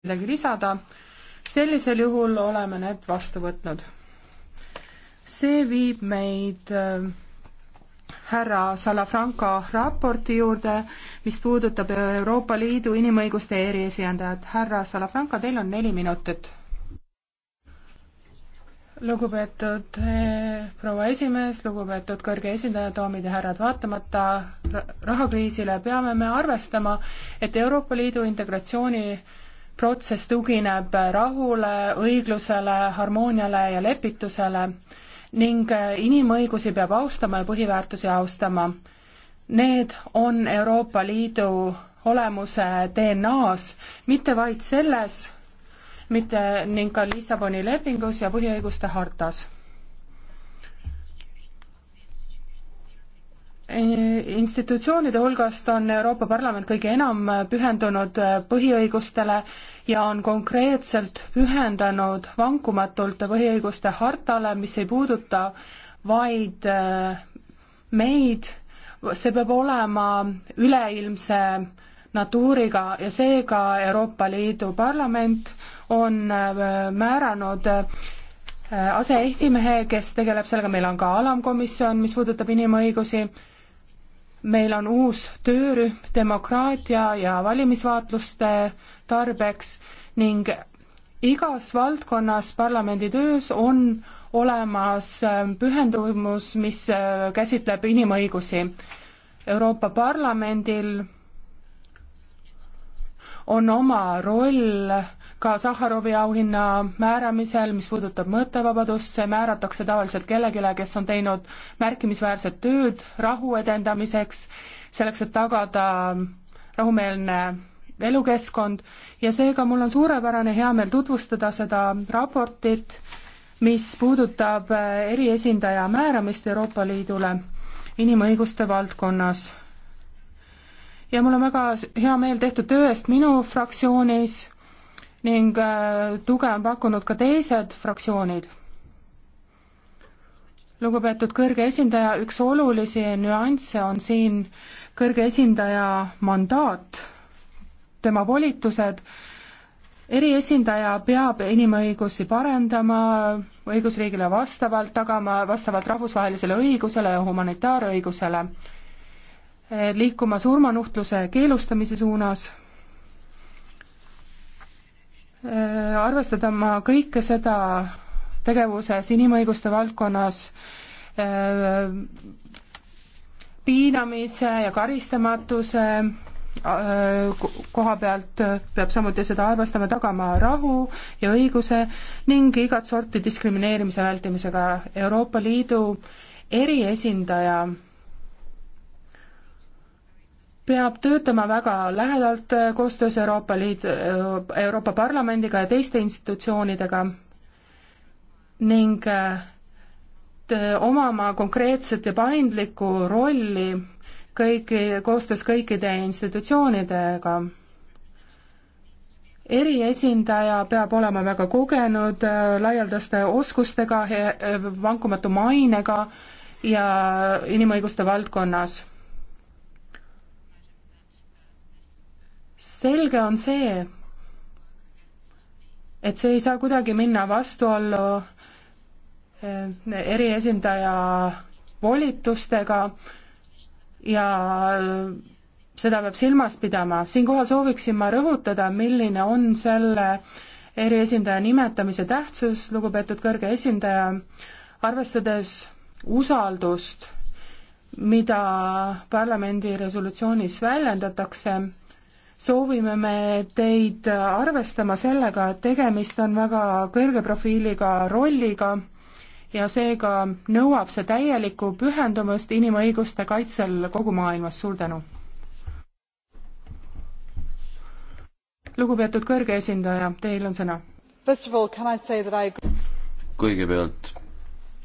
midagi lisada, sellisel juhul oleme need vastu võtnud. see viib meid äh, härra Salafranca raporti juurde, mis puudutab Euroopa Liidu inimõiguste eriesindajat. härra Salafranca, teil on neli minutit. lugupeetud eh, proua esimees, lugupeetud kõrge esindaja, daamid ja härrad, vaatamata rahakriisile peame me arvestama, et Euroopa Liidu integratsiooni protsess tugineb rahule, õiglusele, harmooniale ja lepitusele ning inimõigusi peab austama ja põhiväärtusi austama. Need on Euroopa Liidu olemuse DNA-s, mitte vaid selles, mitte ning ka Lissaboni lepingus ja põhiõiguste hartas institutsioonide hulgast on Euroopa Parlament kõige enam pühendunud põhiõigustele ja on konkreetselt pühendanud vankumatult põhiõiguste hartale, mis ei puuduta vaid äh, meid, see peab olema üleilmse natuuriga ja seega Euroopa Liidu Parlament on äh, määranud äh, aseesimehe, kes tegeleb sellega, meil on ka alamkomisjon, mis puudutab inimõigusi meil on uus töörühm demokraatia ja valimisvaatluste tarbeks ning igas valdkonnas parlamendi töös on olemas ähm, pühendumus, mis äh, käsitleb inimõigusi. Euroopa Parlamendil on oma roll ka Sahharovi auhinna määramisel, mis puudutab mõõtevabadust, see määratakse tavaliselt kellelegi, kes on teinud märkimisväärset tööd rahu edendamiseks, selleks, et tagada rahumeelne elukeskkond ja seega mul on suurepärane heameel tutvustada seda raportit, mis puudutab eriesindaja määramist Euroopa Liidule inimõiguste valdkonnas. ja mul on väga hea meel tehtud töö eest minu fraktsioonis ning äh, tuge on pakkunud ka teised fraktsioonid. lugupeetud kõrge esindaja, üks olulisi nüansse on siin kõrge esindaja mandaat, tema volitused, eriesindaja peab inimõigusi parendama õigusriigile vastavalt, tagama vastavalt rahvusvahelisele õigusele ja humanitaarõigusele, liikuma surmanuhtluse keelustamise suunas Äh, arvestada ma kõike seda tegevuses inimõiguste valdkonnas, äh, piinamise ja karistamatuse äh, koha pealt peab samuti seda arvestama, tagama rahu ja õiguse ning igat sorti diskrimineerimise vältimisega. Euroopa Liidu eriesindaja peab töötama väga lähedalt äh, koostöös Euroopa Liidu, äh, Euroopa Parlamendiga ja teiste institutsioonidega ning äh, omama konkreetset ja paindlikku rolli kõiki, koostöös kõikide institutsioonidega. eriesindaja peab olema väga kogenud, laialdaste oskustega, vankumatu mainega ja inimõiguste valdkonnas selge on see, et see ei saa kuidagi minna vastuollu eh, eriesindaja volitustega ja eh, seda peab silmas pidama. siinkohal sooviksin ma rõhutada, milline on selle eriesindaja nimetamise tähtsus, lugupeetud kõrge esindaja, arvestades usaldust, mida parlamendi resolutsioonis väljendatakse soovime me teid arvestama sellega, et tegemist on väga kõrge profiiliga rolliga ja seega nõuab see täielikku pühendumust inimõiguste kaitsel kogu maailmas, suur tänu! lugupeetud kõrge esindaja, teil on sõna. kõigepealt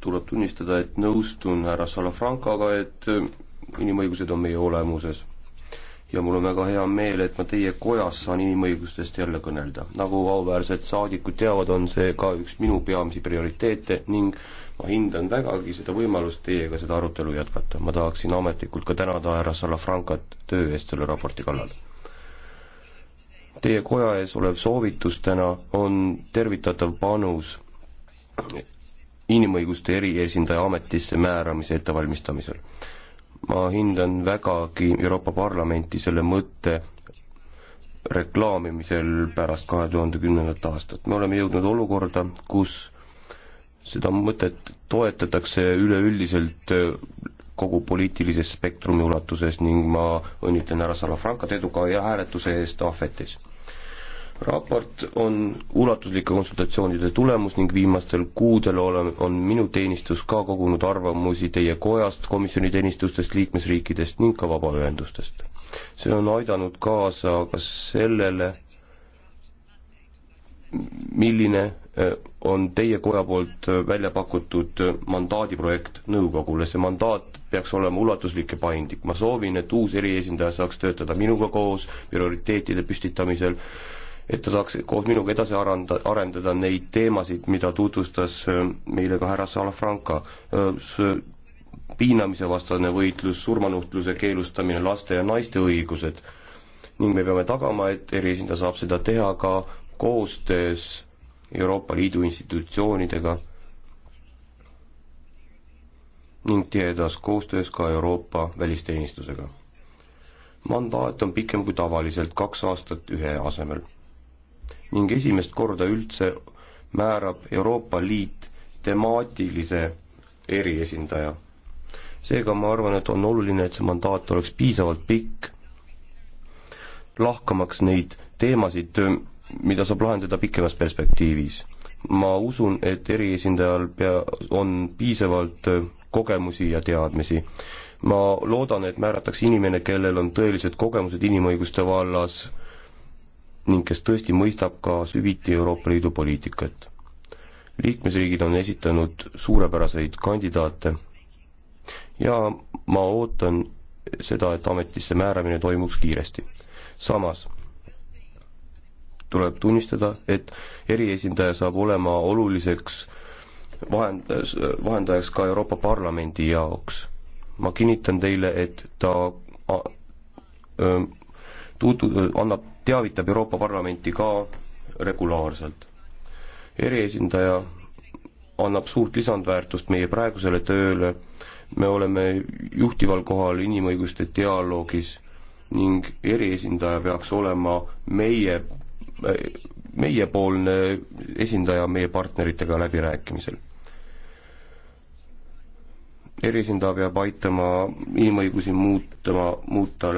tuleb tunnistada, et nõustun härra Salafrancaga, et inimõigused on meie olemuses ja mul on väga hea meel, et ma teie kojas saan inimõigustest jälle kõnelda. nagu auväärsed saadikud teavad, on see ka üks minu peamisi prioriteete ning ma hindan vägagi seda võimalust teiega seda arutelu jätkata. ma tahaksin ametlikult ka tänada härra Salafrancat töö eest selle raporti kallal. Teie koja ees olev soovitus täna on tervitatav panus inimõiguste eriesindaja ametisse määramise ettevalmistamisel ma hindan vägagi Euroopa Parlamenti selle mõtte reklaamimisel pärast kahe tuhande kümnendat aastat. me oleme jõudnud olukorda, kus seda mõtet toetatakse üleüldiselt kogu poliitilises spektrumi ulatuses ning ma õnnitlen härra Salafrankat eduka hääletuse eest ahvetis raport on ulatuslike konsultatsioonide tulemus ning viimastel kuudel ole, on minu teenistus ka kogunud arvamusi teie kojast, komisjoni teenistustest, liikmesriikidest ning ka vabaühendustest. see on aidanud kaasa ka sellele, milline eh, on teie koja poolt eh, välja pakutud eh, mandaadi projekt nõukogule, see mandaat peaks olema ulatuslik ja paindlik, ma soovin, et uus eriesindaja saaks töötada minuga koos prioriteetide püstitamisel, et ta saaks koos minuga edasi aranda, arendada neid teemasid, mida tutvustas äh, meile ka härra Salafranca. Äh, piinamise vastane võitlus, surmanuhtluse keelustamine, laste ja naiste õigused. ning me peame tagama, et eriesindaja saab seda teha ka koostöös Euroopa Liidu institutsioonidega ning tihedas koostöös ka Euroopa välisteenistusega. mandaat on pikem kui tavaliselt, kaks aastat ühe asemel ning esimest korda üldse määrab Euroopa Liit temaatilise eriesindaja. seega ma arvan, et on oluline, et see mandaat oleks piisavalt pikk, lahkamaks neid teemasid, mida saab lahendada pikemas perspektiivis. ma usun, et eriesindajal pea, on piisavalt kogemusi ja teadmisi. ma loodan, et määratakse inimene, kellel on tõelised kogemused inimõiguste vallas, ning kes tõesti mõistab ka süviti Euroopa Liidu poliitikat. liikmesriigid on esitanud suurepäraseid kandidaate ja ma ootan seda, et ametisse määramine toimuks kiiresti. samas tuleb tunnistada, et eriesindaja saab olema oluliseks vahend-, vahendajaks ka Euroopa Parlamendi jaoks. ma kinnitan teile, et ta a, öö, tutvu-, annab, teavitab Euroopa Parlamenti ka regulaarselt. eriesindaja annab suurt lisandväärtust meie praegusele tööle, me oleme juhtival kohal inimõiguste dialoogis ning eriesindaja peaks olema meie, meiepoolne esindaja meie partneritega läbirääkimisel erisinda peab aitama inimõigusi muutma, muuta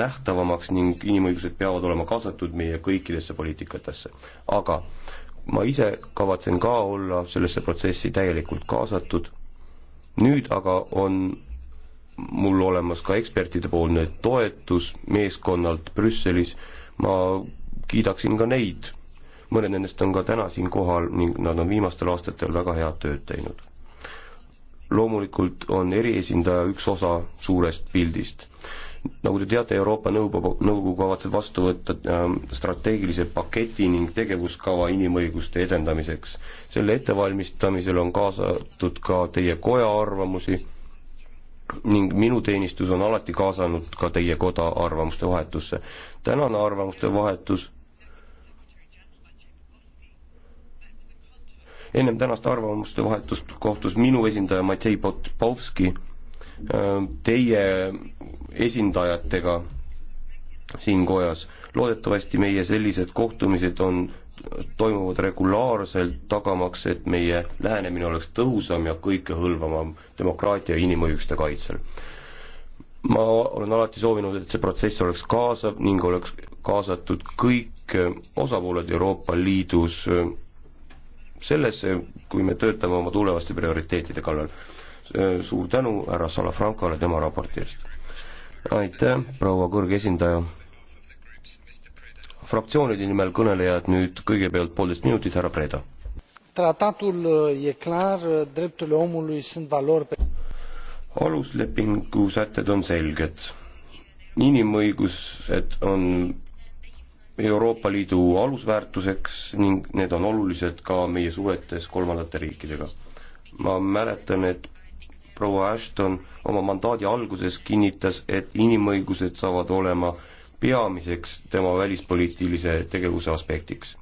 nähtavamaks ning inimõigused peavad olema kaasatud meie kõikidesse poliitikatesse. aga ma ise kavatsen ka olla sellesse protsessi täielikult kaasatud, nüüd aga on mul olemas ka ekspertidepoolne toetus meeskonnalt Brüsselis, ma kiidaksin ka neid, mõned nendest on ka täna siin kohal ning nad on viimastel aastatel väga head tööd teinud loomulikult on eriesindaja üks osa suurest pildist. nagu te teate, Euroopa Nõukogu, Nõukogu kavatseb vastu võtta ähm, strateegilise paketi ning tegevuskava inimõiguste edendamiseks. selle ettevalmistamisel on kaasatud ka teie koja arvamusi ning minu teenistus on alati kaasanud ka teie koda arvamuste vahetusse. tänane arvamuste vahetus ennem tänast arvamuste vahetust kohtus minu esindaja Matei Potpovski äh, teie esindajatega siin kojas. loodetavasti meie sellised kohtumised on, toimuvad regulaarselt, tagamaks, et meie lähenemine oleks tõhusam ja kõikehõlvavam demokraatia ja inimõiguste kaitsel. ma olen alati soovinud, et see protsess oleks kaasav ning oleks kaasatud kõik osapooled Euroopa Liidus äh, sellesse, kui me töötame oma tulevaste prioriteetide kallal. suur tänu härra Salafrancole tema raporti eest. aitäh, proua kõrge esindaja. fraktsioonide nimel kõnelejad nüüd kõigepealt poolteist minutit, härra Preda. Tratatul e clar, drepturile omului sunt valori pe aluslepingu sätted on selged. inimõigused on Euroopa Liidu alusväärtuseks ning need on olulised ka meie suhetes kolmandate riikidega. ma mäletan, et proua Ashton oma mandaadi alguses kinnitas, et inimõigused saavad olema peamiseks tema välispoliitilise tegevuse aspektiks.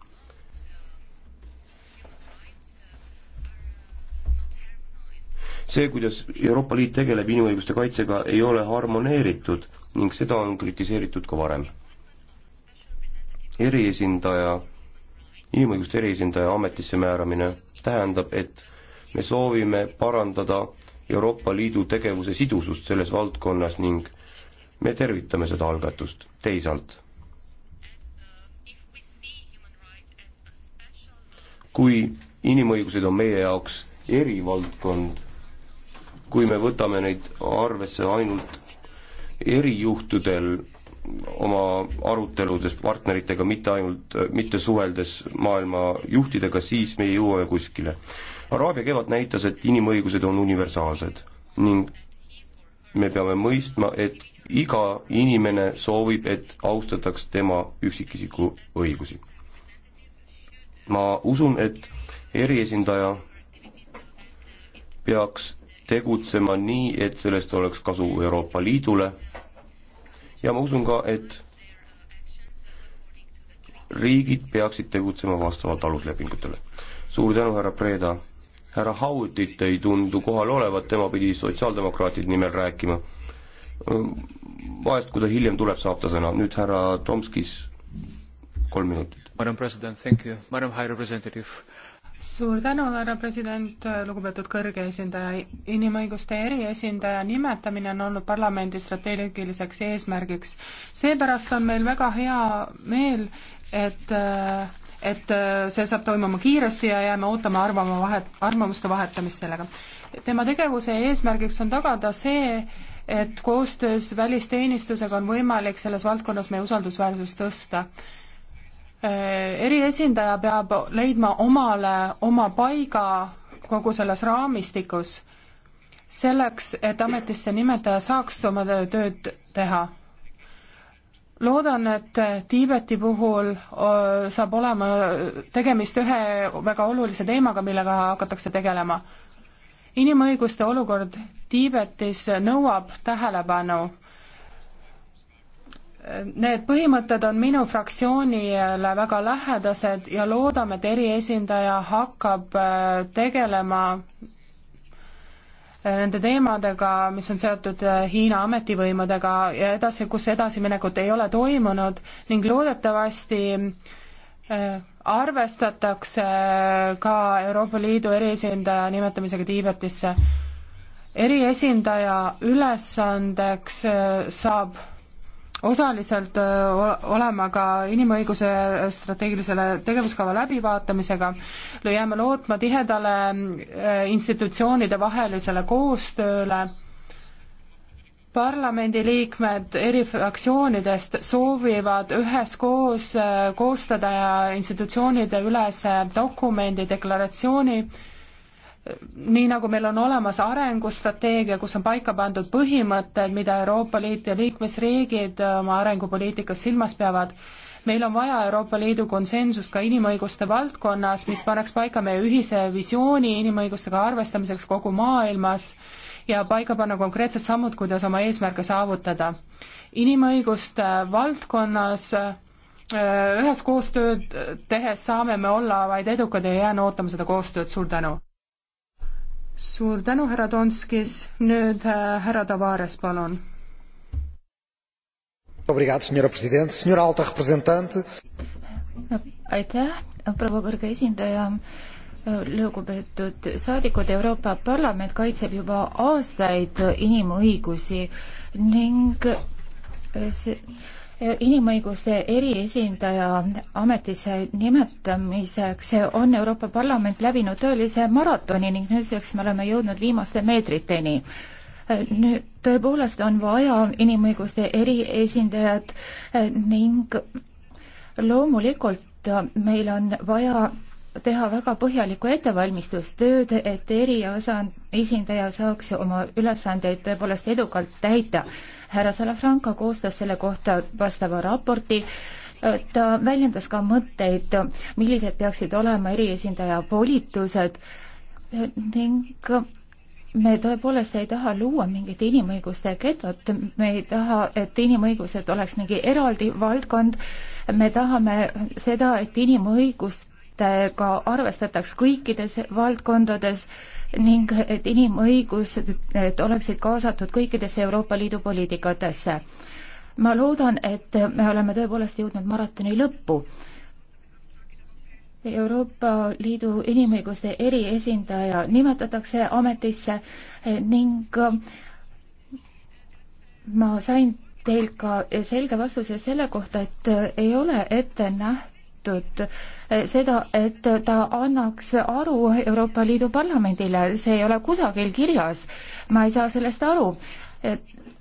see, kuidas Euroopa Liit tegeleb inimõiguste kaitsega, ei ole harmoneeritud ning seda on kritiseeritud ka varem eriesindaja, inimõiguste eriesindaja ametisse määramine tähendab, et me soovime parandada Euroopa Liidu tegevuse sidusust selles valdkonnas ning me tervitame seda algatust. teisalt, kui inimõigused on meie jaoks erivaldkond, kui me võtame neid arvesse ainult erijuhtudel, oma aruteludes partneritega, mitte ainult, mitte suheldes maailma juhtidega, siis me ei jõua kuskile. Araabia kevad näitas, et inimõigused on universaalsed ning me peame mõistma, et iga inimene soovib, et austataks tema üksikisiku õigusi. ma usun, et eriesindaja peaks tegutsema nii, et sellest oleks kasu Euroopa Liidule ja ma usun ka, et riigid peaksid tegutsema vastavalt aluslepingutele. suur tänu, härra Preda. härra Hautit ei tundu kohal olevat, tema pidi sotsiaaldemokraatide nimel rääkima. vahest, kui ta hiljem tuleb, saab ta sõna. nüüd härra Tomskis, kolm minutit. Madam president, thank you, madam high representative suur tänu, härra president, lugupeetud kõrge esindaja. inimõiguste eriesindaja nimetamine on olnud parlamendi strateegiliseks eesmärgiks. seepärast on meil väga hea meel, et et see saab toimuma kiiresti ja jääme ootama arvama vahet, arvamuste vahetamist sellega. tema tegevuse eesmärgiks on tagada see, et koostöös välisteenistusega on võimalik selles valdkonnas meie usaldusväärsust tõsta Äh, eriesindaja peab leidma omale oma paiga kogu selles raamistikus, selleks, et ametisse nimetaja saaks oma tööd teha. loodan, et Tiibeti puhul saab olema tegemist ühe väga olulise teemaga, millega hakatakse tegelema. inimõiguste olukord Tiibetis nõuab tähelepanu Need põhimõtted on minu fraktsioonile väga lähedased ja loodame, et eriesindaja hakkab äh, tegelema äh, nende teemadega, mis on seotud äh, Hiina ametivõimudega ja edasi, kus edasiminekut ei ole toimunud ning loodetavasti arvestatakse ka Euroopa Liidu eriesindaja nimetamisega Tiibetisse. eriesindaja ülesandeks saab osaliselt olema ka inimõiguse strateegilisele tegevuskava läbivaatamisega, jääme lootma tihedale institutsioonide vahelisele koostööle, parlamendiliikmed eri fraktsioonidest soovivad üheskoos koostada institutsioonide ülese dokumendi, deklaratsiooni, nii nagu meil on olemas arengustrateegia, kus on paika pandud põhimõtted, mida Euroopa Liit ja liikmesriigid oma arengupoliitikas silmas peavad, meil on vaja Euroopa Liidu konsensust ka inimõiguste valdkonnas, mis paneks paika meie ühise visiooni inimõigustega arvestamiseks kogu maailmas ja paika panna konkreetsed sammud, kuidas oma eesmärke saavutada. inimõiguste valdkonnas äh, ühes koostööd tehes saame me olla vaid edukad ja jään ootama seda koostööd, suur tänu! suur tänu, härra Donskis, nüüd äh, härra Tavares, palun. aitäh, proua kõrge esindaja lugupeetud saadikud, Euroopa Parlament kaitseb juba aastaid inimõigusi ning see inimõiguste eriesindaja ametisse nimetamiseks on Euroopa Parlament läbinud tõelise maratoni ning nüüdseks me oleme jõudnud viimaste meetriteni nüüd tõepoolest on vaja inimõiguste eriesindajad ning loomulikult meil on vaja teha väga põhjalikku ettevalmistustööd, et eriasa esindaja saaks oma ülesandeid tõepoolest edukalt täita härra Salafranca koostas selle kohta vastava raporti ta väljendas ka mõtteid, millised peaksid olema eriesindaja volitused ning me tõepoolest ei taha luua mingit inimõiguste getot, me ei taha, et inimõigused oleks mingi eraldi valdkond, me tahame seda, et inimõigustega arvestataks kõikides valdkondades äh, ning et inimõigused et oleksid kaasatud kõikidesse Euroopa Liidu poliitikatesse. ma loodan, et me oleme tõepoolest jõudnud maratoni lõppu. Euroopa Liidu inimõiguste eriesindaja nimetatakse ametisse ning ma sain teilt ka selge vastuse selle kohta, et ei ole ette nähtud nõutud eh, seda, et ta annaks aru Euroopa Liidu Parlamendile, see ei ole kusagil kirjas. ma ei saa sellest aru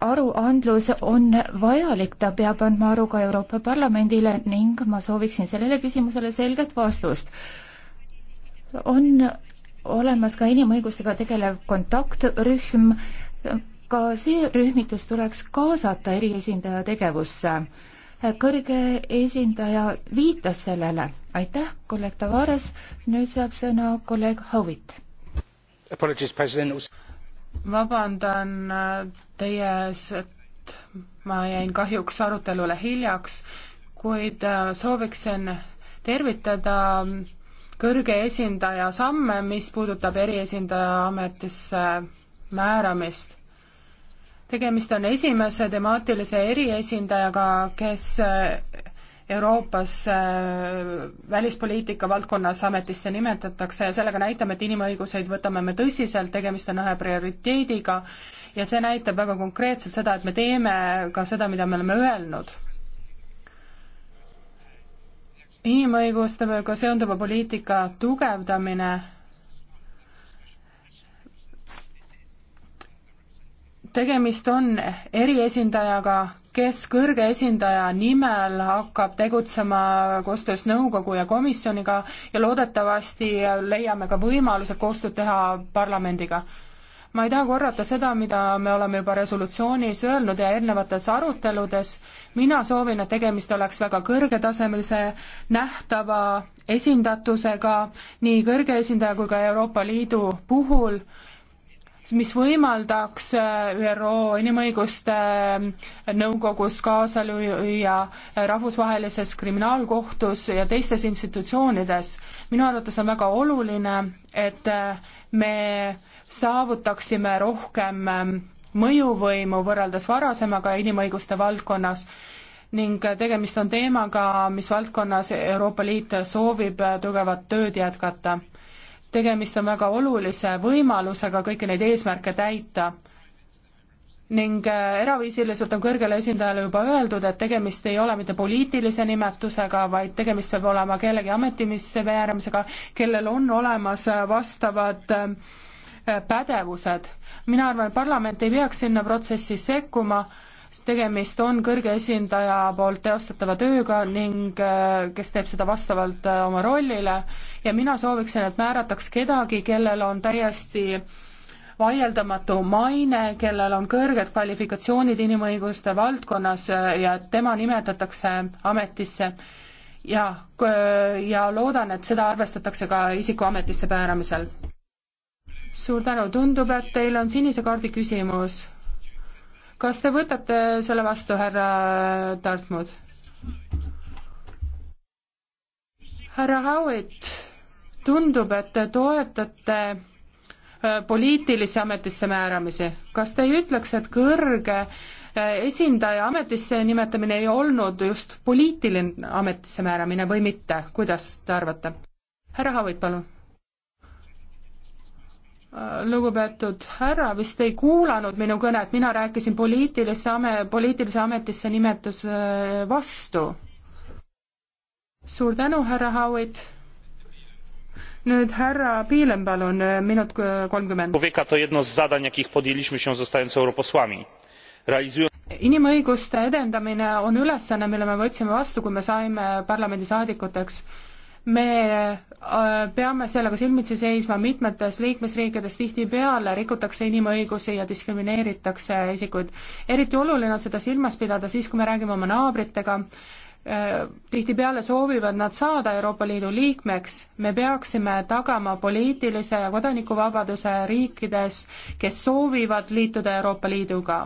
aruandlus on vajalik, ta peab andma aru ka Euroopa Parlamendile ning ma sooviksin sellele küsimusele selget vastust. on olemas ka inimõigustega tegelev kontaktrühm, ka see rühmitus tuleks kaasata eriesindaja tegevusse kõrge esindaja viitas sellele. aitäh, kolleeg Tavares, nüüd saab sõna kolleeg Howitt. vabandan äh, teie ees, et ma jäin kahjuks arutelule hiljaks, kuid äh, sooviksin tervitada kõrge esindaja samme, mis puudutab eriesindaja ametisse määramist tegemist on esimese temaatilise eriesindajaga, kes eh, Euroopas eh, välispoliitika valdkonnas ametisse nimetatakse ja sellega näitame, et inimõiguseid võtame me tõsiselt, tegemist on ühe prioriteediga ja see näitab väga konkreetselt seda, et me teeme ka seda, mida me oleme öelnud inimõigustega seonduva poliitika tugevdamine tegemist on eriesindajaga, kes kõrge esindaja nimel hakkab tegutsema koostöös nõukogu ja komisjoniga ja loodetavasti leiame ka võimaluse koostööd teha parlamendiga. ma ei taha korrata seda, mida me oleme juba resolutsioonis öelnud ja eelnevates aruteludes, mina soovin, et tegemist oleks väga kõrgetasemelise nähtava esindatusega nii kõrge esindaja kui ka Euroopa Liidu puhul mis võimaldaks äh, ÜRO Inimõiguste äh, Nõukogus kaasa lüüa äh, rahvusvahelises kriminaalkohtus ja teistes institutsioonides. minu arvates on väga oluline, et me saavutaksime rohkem ähm, mõjuvõimu võrreldes varasemaga inimõiguste valdkonnas ning tegemist on teemaga, mis valdkonnas Euroopa Liit soovib tugevat tööd jätkata tegemist on väga olulise võimalusega kõiki neid eesmärke täita. ning äh, eraviisiliselt on kõrgele esindajale juba öeldud, et tegemist ei ole mitte poliitilise nimetusega, vaid tegemist peab olema kellegi ametimisse määramisega, kellel on olemas äh, vastavad äh, pädevused. mina arvan, et parlament ei peaks sinna protsessi sekkuma tegemist on kõrge esindaja poolt teostatava tööga ning äh, kes teeb seda vastavalt äh, oma rollile ja mina sooviksin, et määrataks kedagi, kellel on täiesti vaieldamatu maine, kellel on kõrged kvalifikatsioonid inimõiguste valdkonnas äh, ja tema nimetatakse ametisse. ja, ja loodan, et seda arvestatakse ka isiku ametisse määramisel. suur tänu, tundub, et teil on sinise kaardi küsimus kas te võtate selle vastu, härra Dartmouth? härra Howitt, tundub, et te toetate äh, poliitilisi ametisse määramisi. kas te ei ütleks, et kõrge äh, esindaja ametisse nimetamine ei olnud just poliitiline ametisse määramine või mitte, kuidas te arvate? härra Howitt, palun lugupeetud härra vist ei kuulanud minu kõnet, mina rääkisin poliitilisse ame-, poliitilise ametisse nimetuse vastu. suur tänu, härra Howitt. nüüd härra Piilen, palun, minut kolmkümmend. inimõiguste edendamine on ülesanne, mille me võtsime vastu, kui me saime parlamendisaadikuteks me äh, peame sellega silmitsi seisma mitmetes liikmesriikides tihtipeale, rikutakse inimõigusi ja diskrimineeritakse isikuid. eriti oluline on seda silmas pidada siis, kui me räägime oma naabritega, äh, tihtipeale soovivad nad saada Euroopa Liidu liikmeks, me peaksime tagama poliitilise ja kodanikuvabaduse riikides, kes soovivad liituda Euroopa Liiduga.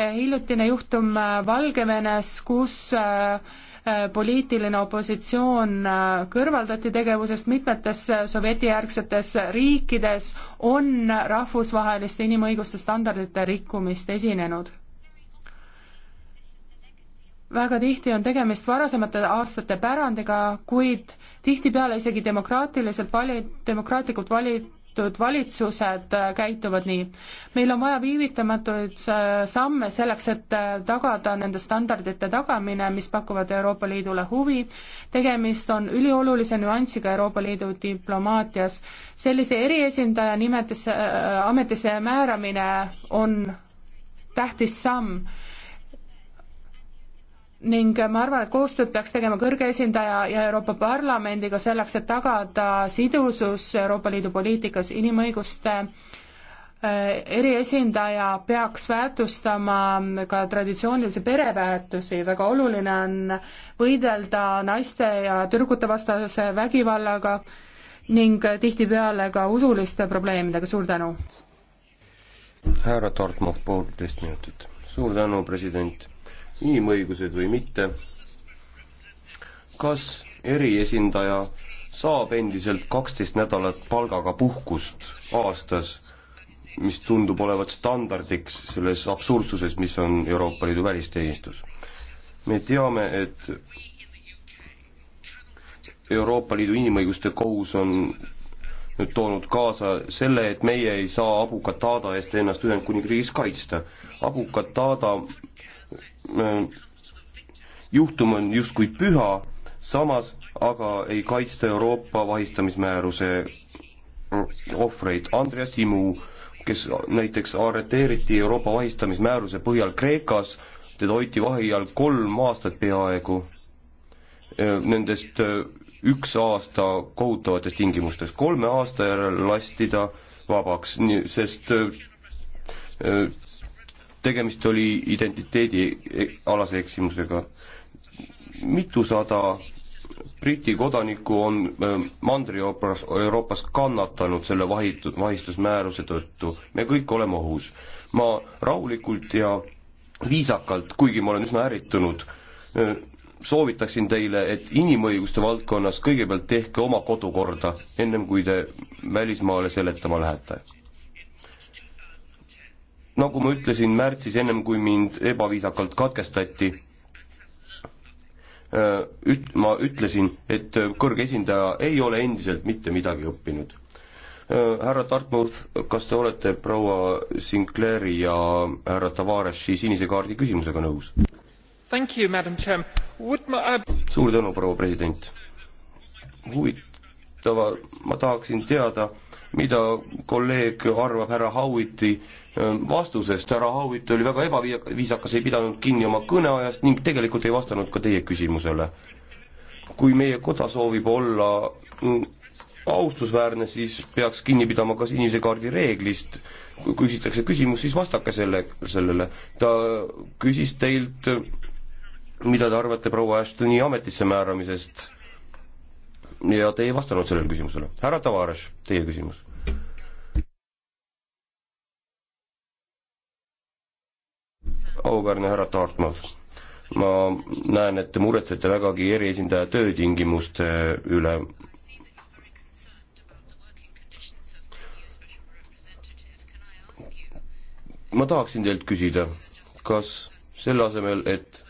Äh, hiljutine juhtum Valgevenes, kus äh, Äh, poliitiline opositsioon äh, kõrvaldati tegevusest, mitmetes äh, sovjetijärgsetes riikides on rahvusvaheliste inimõiguste standardite rikkumist esinenud väga tihti on tegemist varasemate aastate pärandiga, kuid tihtipeale isegi demokraatiliselt vali-, demokraatlikult vali-, teatud valitsused äh, käituvad nii. meil on vaja viivitamatuid äh, samme selleks, et äh, tagada nende standardite tagamine, mis pakuvad Euroopa Liidule huvi. tegemist on üliolulise nüansiga Euroopa Liidu diplomaatias. sellise eriesindaja nimetisse, ametisse määramine on tähtis samm ning ma arvan, et koostööd peaks tegema kõrge esindaja ja Euroopa Parlamendiga selleks, et tagada sidusus Euroopa Liidu poliitikas, inimõiguste äh, eriesindaja peaks väärtustama ka traditsioonilisi pereväärtusi, väga oluline on võidelda naiste ja tüdrukute vastase vägivallaga ning tihtipeale ka usuliste probleemidega, suur tänu! härra Tartmov, poolteist minutit. suur tänu, president inimõigused või mitte, kas eriesindaja saab endiselt kaksteist nädalat palgaga puhkust aastas, mis tundub olevat standardiks selles absurdsuses, mis on Euroopa Liidu välisteenistus. me teame, et Euroopa Liidu Inimõiguste Kohus on nüüd toonud kaasa selle, et meie ei saa Abu Qatada eest ennast Ühendkuningriigis kaitsta. Abu Qatada Äh, juhtum on justkui püha, samas aga ei kaitsta Euroopa vahistamismääruse äh, ohvreid. Andreas Imu, kes näiteks arreteeriti Euroopa vahistamismääruse põhjal Kreekas, teda hoiti vahi all kolm aastat peaaegu. Äh, nendest üks aasta kohutavates tingimustes, kolme aasta järel lasti ta vabaks, sest tegemist oli identiteedialase e-, eksimusega. mitusada Briti kodanikku on Mandri-Euroopas, Euroopas kannatanud selle vahitud, vahistusmääruse tõttu. me kõik oleme ohus. ma rahulikult ja viisakalt, kuigi ma olen üsna ärritunud, soovitaksin teile, et inimõiguste valdkonnas kõigepealt tehke oma kodukorda, ennem kui te välismaale seletama lähete nagu ma ütlesin märtsis, ennem kui mind ebaviisakalt katkestati, üt-, ma ütlesin, et kõrge esindaja ei ole endiselt mitte midagi õppinud. härra Dartmouth, kas te olete proua Sinclairi ja härra Tavaresi sinise kaardi küsimusega nõus? suur tänu, proua president. huvitava, ma tahaksin teada, mida kolleeg arvab härra Howiti äh, vastusest, härra Howitt oli väga ebaviisakas, ei pidanud kinni oma kõneajast ning tegelikult ei vastanud ka teie küsimusele. kui meie koda soovib olla mm, austusväärne, siis peaks kinni pidama ka sinise kaardi reeglist, kui küsitakse küsimus, siis vastake selle, sellele. ta küsis teilt, äh, mida te arvate proua Ashtoni ametisse määramisest ja te ei vastanud sellele küsimusele. härra Tavares, teie küsimus. auväärne härra Tartmann, ma näen, et te muretsete vägagi eriesindaja töötingimuste üle. ma tahaksin teilt küsida, kas selle asemel, et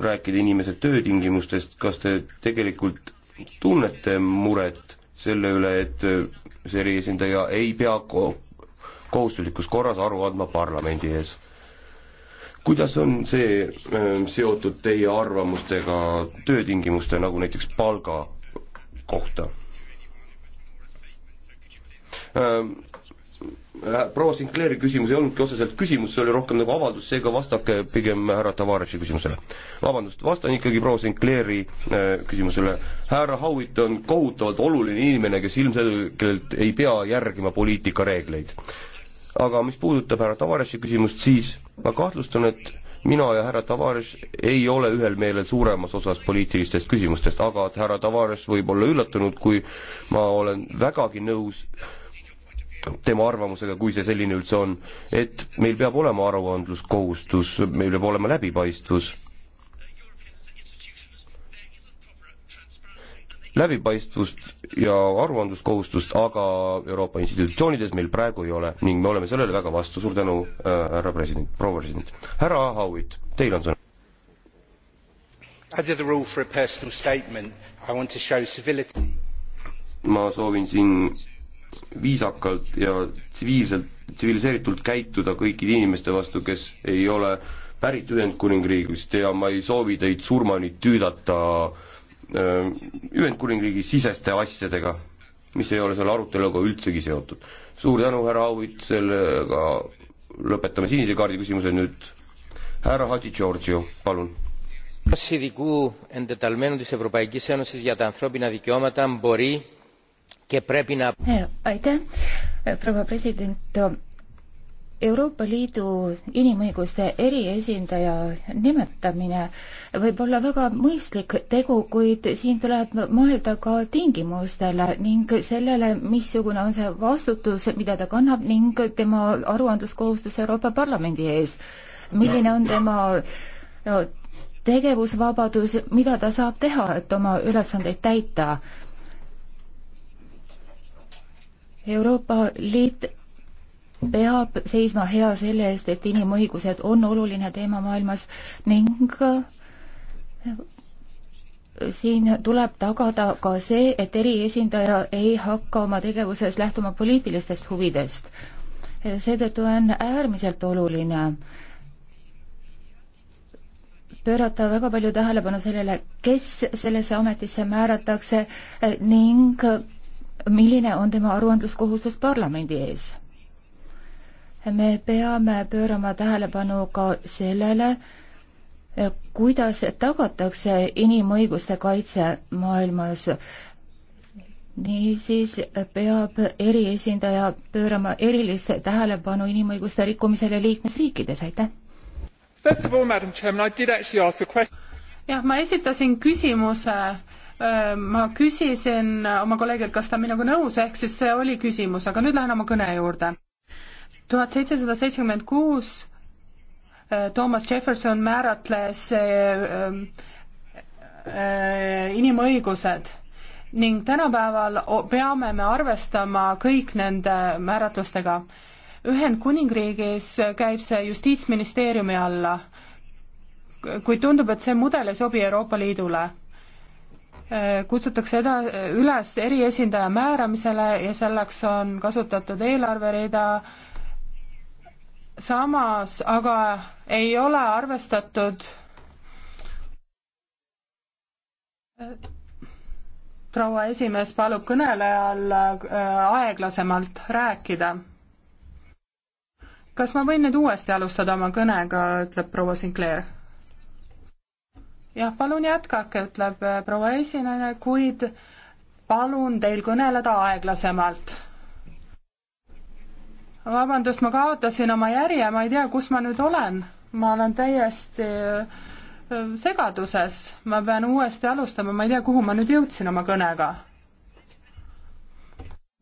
rääkida inimese töötingimustest, kas te tegelikult tunnete muret selle üle, et äh, see eriesindaja ei pea ko-, kohustuslikus korras aru andma parlamendi ees? kuidas on see äh, seotud teie arvamustega töötingimuste, nagu näiteks palga kohta? Äh, Äh, proua Sinclairi küsimus ei olnudki otseselt küsimus, see oli rohkem nagu avaldus, seega vastake pigem härra Tavaresi küsimusele. vabandust, vastan ikkagi proua Sinclairi äh, küsimusele. härra Howitt on kohutavalt oluline inimene, kes ilmselgelt ei pea järgima poliitikareegleid. aga mis puudutab härra Tavaresi küsimust, siis ma kahtlustan, et mina ja härra Tavares ei ole ühel meelel suuremas osas poliitilistest küsimustest, aga härra Tavares võib olla üllatunud, kui ma olen vägagi nõus äh, tema arvamusega, kui see selline üldse on, et meil peab olema aruandluskohustus, meil peab olema läbipaistvus. läbipaistvust ja aruandluskohustust aga Euroopa institutsioonides meil praegu ei ole ning me oleme sellele väga vastu, suur tänu äh,, härra president, proua president. härra Howitt, teil on sõna. Under the rule for a personal statement, I want to show civility. ma soovin siin viisakalt ja tsiviilselt, tsiviliseeritult käituda kõikide inimeste vastu, kes ei ole pärit Ühendkuningriigist ja ma ei soovi teid surmani tüüdata ähm, Ühendkuningriigi siseste asjadega, mis ei ole selle aruteluga üldsegi seotud. suur tänu, härra Auvit, sellega lõpetame sinise kaardi küsimuse nüüd. härra Hadži Georgiou, palun. kas ειδικού εντεταλμένου της Ευρωπαϊκής Ένωσης για τα ανθρώπινα δικαιώματα μπορεί Eh, aitäh, proua president. Euroopa Liidu inimõiguste eriesindaja nimetamine võib olla väga mõistlik tegu, kuid siin tuleb mõelda ka tingimustele ning sellele, missugune on see vastutus, mida ta kannab ning tema aruandluskohustus Euroopa Parlamendi ees. milline on tema no, tegevusvabadus, mida ta saab teha, et oma ülesandeid täita Euroopa Liit peab seisma hea selle eest, et inimõigused on oluline teema maailmas ning siin tuleb tagada ka see, et eriesindaja ei hakka oma tegevuses lähtuma poliitilistest huvidest. seetõttu on äärmiselt oluline pöörata väga palju tähelepanu sellele, kes sellesse ametisse määratakse ning milline on tema aruandluskohustus parlamendi ees. me peame pöörama tähelepanu ka sellele, kuidas tagatakse inimõiguste kaitse maailmas. niisiis peab eriesindaja pöörama erilist tähelepanu inimõiguste rikkumisele liikmesriikides, aitäh! jah, ma esitasin küsimuse äh, ma küsisin oma kolleegilt, kas ta on minuga nõus, ehk siis see oli küsimus, aga nüüd lähen oma kõne juurde. tuhat seitsesada seitsekümmend kuus Thomas Jefferson määratles inimõigused ning tänapäeval peame me arvestama kõik nende määratlustega. Ühendkuningriigis käib see Justiitsministeeriumi alla, kuid tundub, et see mudel ei sobi Euroopa Liidule kutsutakse eda-, üles eriesindaja määramisele ja selleks on kasutatud eelarverida, samas aga ei ole arvestatud proua esimees palub kõnelejal äh, aeglasemalt rääkida. kas ma võin nüüd uuesti alustada oma kõnega, ütleb proua Sinclair jah, palun jätkake, ütleb äh, proua esinaine, kuid palun teil kõneleda aeglasemalt. vabandust, ma kaotasin oma järje, ma ei tea, kus ma nüüd olen. ma olen täiesti äh, segaduses, ma pean uuesti alustama, ma ei tea, kuhu ma nüüd jõudsin oma kõnega.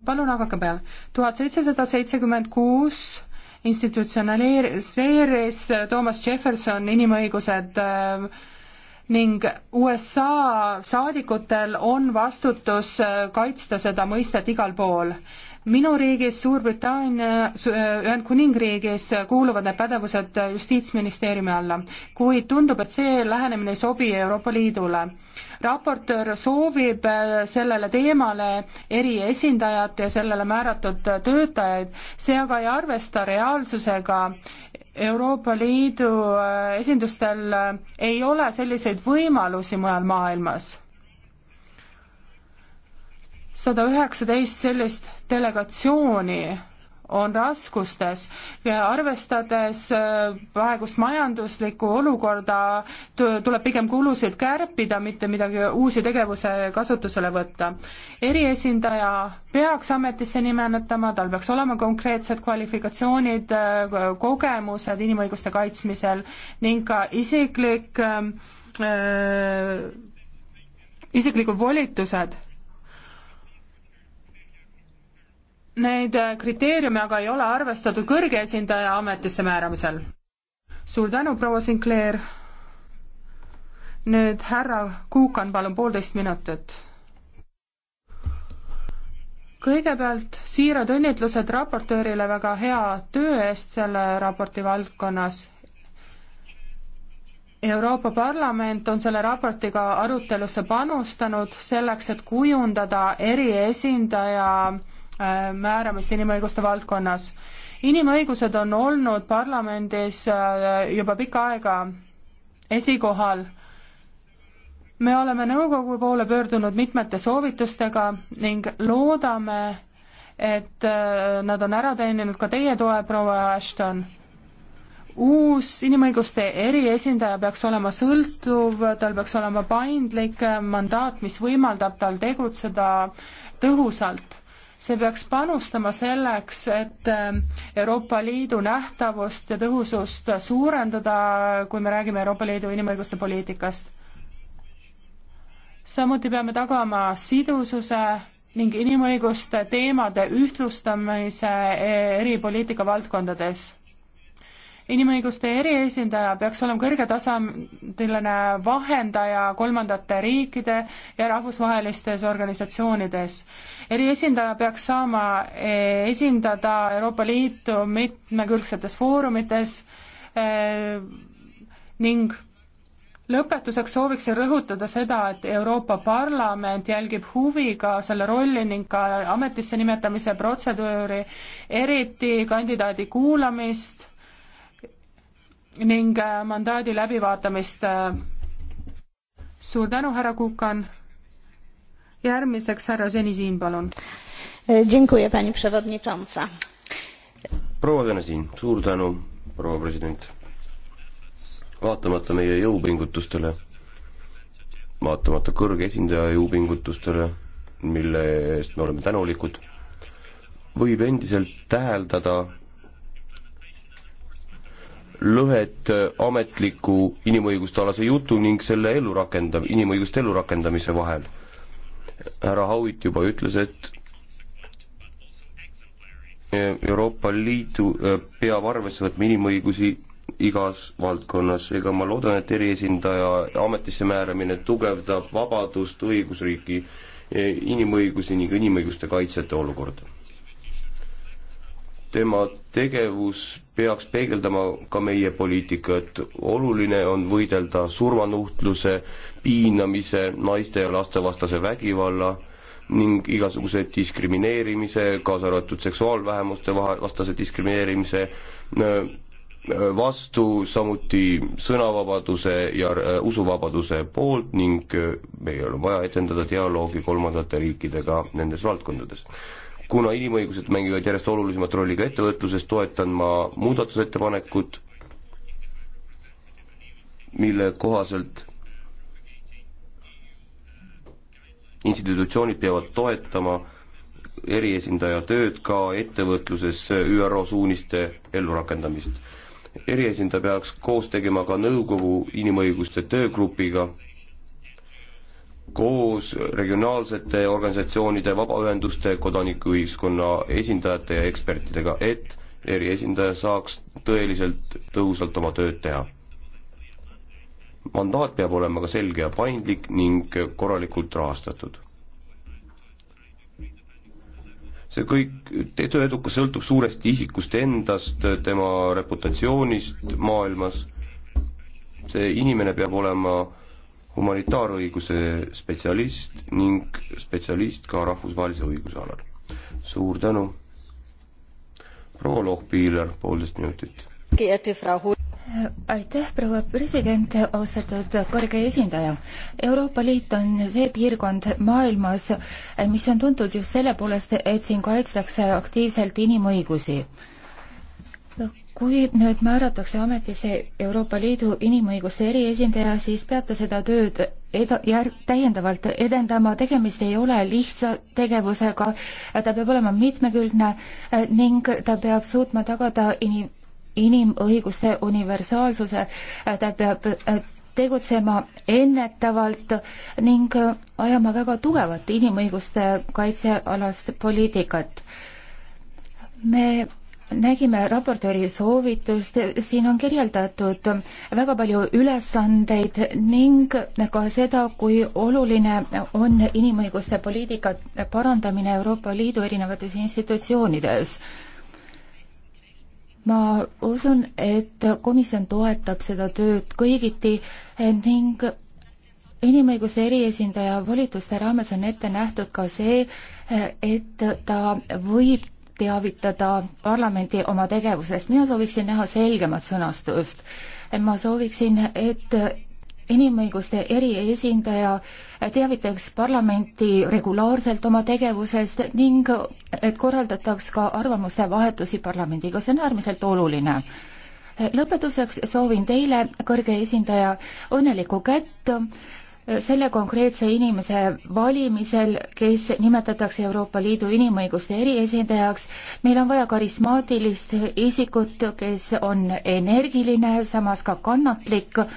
palun hakake peale. tuhat seitsesada seitsekümmend kuus institutsionaliseeris Thomas Jefferson inimõigused äh, ning USA saadikutel on vastutus äh, kaitsta seda mõistet igal pool. minu riigis, Suurbritannia, äh, Ühendkuningriigis kuuluvad need pädevused äh, Justiitsministeeriumi alla, kuid tundub, et see lähenemine ei sobi Euroopa Liidule. raportöör soovib sellele teemale eriesindajat ja sellele määratud töötajaid, see aga ei arvesta reaalsusega Euroopa Liidu äh, esindustel äh, ei ole selliseid võimalusi mujal maailmas. sada üheksateist sellist delegatsiooni on raskustes. arvestades äh, praegust majanduslikku olukorda, tuleb pigem kulusid kärpida, mitte midagi uusi tegevuse kasutusele võtta. eriesindaja peaks ametisse nimetama, tal peaks olema konkreetsed kvalifikatsioonid, äh, kogemused inimõiguste kaitsmisel ning ka isiklik ähm, äh, isiklikud volitused Neid äh, kriteeriume aga ei ole arvestatud kõrge esindaja ametisse määramisel. suur tänu, proua Sinclair. nüüd härra Kuukan, palun poolteist minutit. kõigepealt siirad õnnitlused raportöörile väga hea töö eest selle raporti valdkonnas Euroopa Parlament on selle raportiga arutelusse panustanud selleks, et kujundada eriesindaja Äh, määramist inimõiguste valdkonnas. inimõigused on olnud parlamendis äh, juba pikka aega esikohal. me oleme nõukogu poole pöördunud mitmete soovitustega ning loodame, et äh, nad on ära teeninud ka teie toe, proua Ashton uus inimõiguste eriesindaja peaks olema sõltuv, tal peaks olema paindlik mandaat, mis võimaldab tal tegutseda tõhusalt see peaks panustama selleks, et ähm, Euroopa Liidu nähtavust ja tõhusust suurendada, kui me räägime Euroopa Liidu inimõiguste poliitikast. samuti peame tagama sidususe ning inimõiguste teemade ühtlustamise e-, eri poliitikavaldkondades inimõiguste eriesindaja peaks olema kõrgetasandiline vahendaja kolmandate riikide ja rahvusvahelistes organisatsioonides. eriesindaja peaks saama eh, esindada Euroopa Liitu mitmekülgsetes foorumites eh, ning lõpetuseks sooviksin rõhutada seda, et Euroopa Parlament jälgib huviga selle rolli ning ka ametisse nimetamise protseduuri, eriti kandidaadi kuulamist ning äh, mandaadi läbivaatamist. Äh, suur tänu, härra Kukan. järgmiseks härra Senisin, palun. Äh, proua Senisin, suur tänu, proua president. vaatamata meie jõupingutustele, vaatamata kõrge esindaja jõupingutustele, mille eest me oleme tänulikud, võib endiselt täheldada lõhet äh, ametliku inimõiguste alase jutu ning selle ellurakenda-, inimõiguste ellurakendamise vahel. härra Howitt juba ütles, et äh, Euroopa Liidu äh, peab arvesse võtma inimõigusi igas valdkonnas, ega ma loodan, et eriesindaja ametisse määramine tugevdab vabadust, õigusriiki, inimõigusi ning inimõiguste kaitsjate olukorda tema tegevus peaks peegeldama ka meie poliitikat. oluline on võidelda surmanuhtluse, piinamise, naiste ja lastevastase vägivalla ning igasuguse diskrimineerimise, kaasa arvatud seksuaalvähemuste vahe, vastase diskrimineerimise äh, äh, vastu, samuti sõnavabaduse ja äh, usuvabaduse poolt ning meil on vaja etendada dialoogi kolmandate riikidega nendes valdkondades kuna inimõigused mängivad järjest olulisemat rolli ka ettevõtluses, toetan ma muudatusettepanekut, mille kohaselt institutsioonid peavad toetama eriesindaja tööd ka ettevõtluses ÜRO suuniste ellurakendamist. eriesindaja peaks koos tegema ka nõukogu inimõiguste töögrupiga koos regionaalsete organisatsioonide, vabaühenduste, kodanikuühiskonna esindajate ja ekspertidega, et eriesindaja saaks tõeliselt tõhusalt oma tööd teha. mandaat peab olema ka selge ja paindlik ning korralikult rahastatud. see kõik, töö edukus sõltub suuresti isikust endast, tema reputatsioonist maailmas, see inimene peab olema humanitaarõiguse spetsialist ning spetsialist ka rahvusvahelise õiguse alal. suur tänu. proua Lohpiiler, poolteist minutit. aitäh, proua president, austatud kõrge esindaja. Euroopa Liit on see piirkond maailmas, mis on tuntud just selle poolest, et siin kaitstakse aktiivselt inimõigusi kui nüüd määratakse ametisse Euroopa Liidu inimõiguste eriesindaja, siis peab ta seda tööd eda-, järg-, täiendavalt edendama, tegemist ei ole lihtsa tegevusega, ta peab olema mitmekülgne eh, ning ta peab suutma tagada inim-, inimõiguste universaalsuse, ta peab eh, tegutsema ennetavalt ning eh, ajama väga tugevat inimõiguste kaitsealast poliitikat. me nägime raportööri soovitust, siin on kirjeldatud väga palju ülesandeid ning ka seda, kui oluline on inimõiguste poliitika parandamine Euroopa Liidu erinevates institutsioonides. ma usun, et komisjon toetab seda tööd kõigiti ning inimõiguste eriesindaja volituste raames on ette nähtud ka see, et ta võib teavitada parlamendi oma tegevusest. mina sooviksin näha selgemat sõnastust. ma sooviksin, et inimõiguste eriesindaja teavitaks parlamenti regulaarselt oma tegevusest ning et korraldataks ka arvamuste vahetusi parlamendiga, see on äärmiselt oluline. lõpetuseks soovin teile, kõrge esindaja, õnnelikku kätt selle konkreetse inimese valimisel, kes nimetatakse Euroopa Liidu inimõiguste eriesindajaks. meil on vaja karismaatilist isikut, kes on energiline, samas ka kannatlik äh,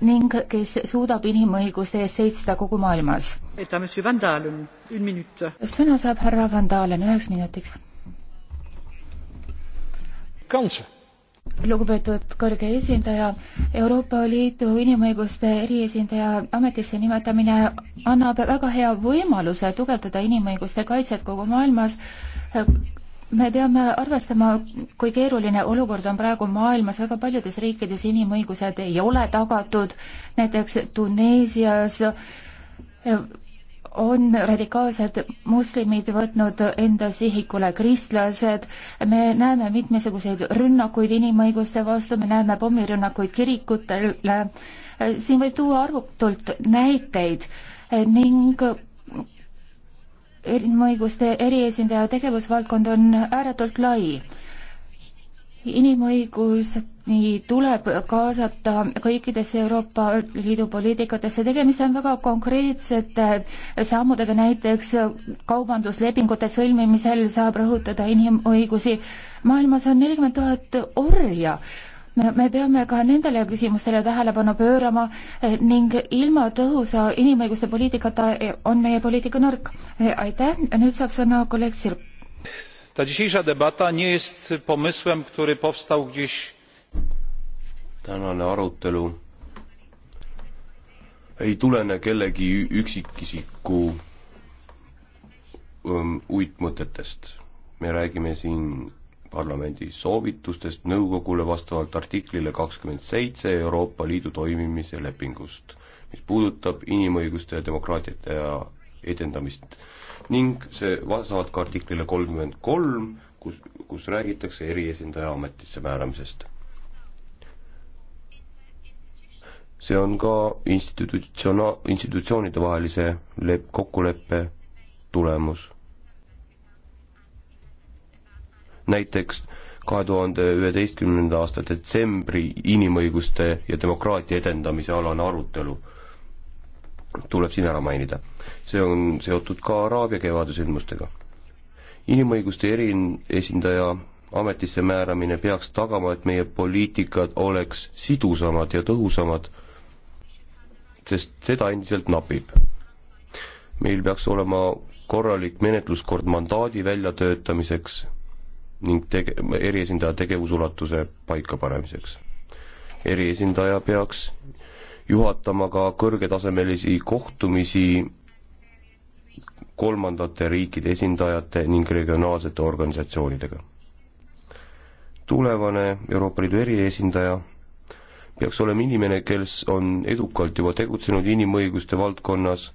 ning kes suudab inimõiguste eest seitseda kogu maailmas. sõna saab härra Van Dalen üheks minutiks. kanse lugupeetud kõrge esindaja, Euroopa Liidu inimõiguste eriesindaja ametisse nimetamine annab väga hea võimaluse tugevdada inimõiguste kaitset kogu maailmas. me peame arvestama, kui keeruline olukord on praegu maailmas, väga paljudes riikides inimõigused ei ole tagatud, näiteks Tuneesias on radikaalsed moslemid võtnud enda sihikule kristlased, me näeme mitmesuguseid rünnakuid inimõiguste vastu, me näeme pommirünnakuid kirikutele, siin võib tuua arvutult näiteid ning inimõiguste eriesindaja tegevusvaldkond on ääretult lai. inimõigused nii tuleb kaasata kõikidesse Euroopa Liidu poliitikatesse, tegemist on väga konkreetsete sammudega, näiteks kaubanduslepingute sõlmimisel saab rõhutada inimõigusi. maailmas on nelikümmend tuhat orja me peame ka nendele küsimustele tähelepanu pöörama ning ilma tõhusa inimõiguste poliitikata on meie poliitika nõrk. aitäh, nüüd saab sõna kolleeg Sirp. Ta dzisiejsza debata nie jest pomysłem, który powstał gdzieś tänane arutelu ei tulene kellegi üksikisiku ähm, uitmõtetest. me räägime siin parlamendi soovitustest nõukogule vastavalt artiklile kakskümmend seitse Euroopa Liidu toimimise lepingust, mis puudutab inimõiguste ja demokraatiate ja edendamist ning see vastavalt ka artiklile kolmkümmend kolm, kus, kus räägitakse eriesindaja ametisse määramisest see on ka institutsiona-, institutsioonide vahelise lep-, kokkuleppe tulemus. näiteks kahe tuhande üheteistkümnenda aasta detsembri inimõiguste ja demokraatia edendamise alane arutelu tuleb siin ära mainida. see on seotud ka Araabia kevade sündmustega. inimõiguste erin-, esindaja ametisse määramine peaks tagama, et meie poliitikad oleks sidusamad ja tõhusamad sest seda endiselt napib. meil peaks olema korralik menetluskord mandaadi väljatöötamiseks ning tege-, eriesindaja tegevusulatuse paikapanemiseks. eriesindaja peaks juhatama ka kõrgetasemelisi kohtumisi kolmandate riikide esindajate ning regionaalsete organisatsioonidega. tulevane Euroopa Liidu eriesindaja peaks olema inimene, kes on edukalt juba tegutsenud inimõiguste valdkonnas,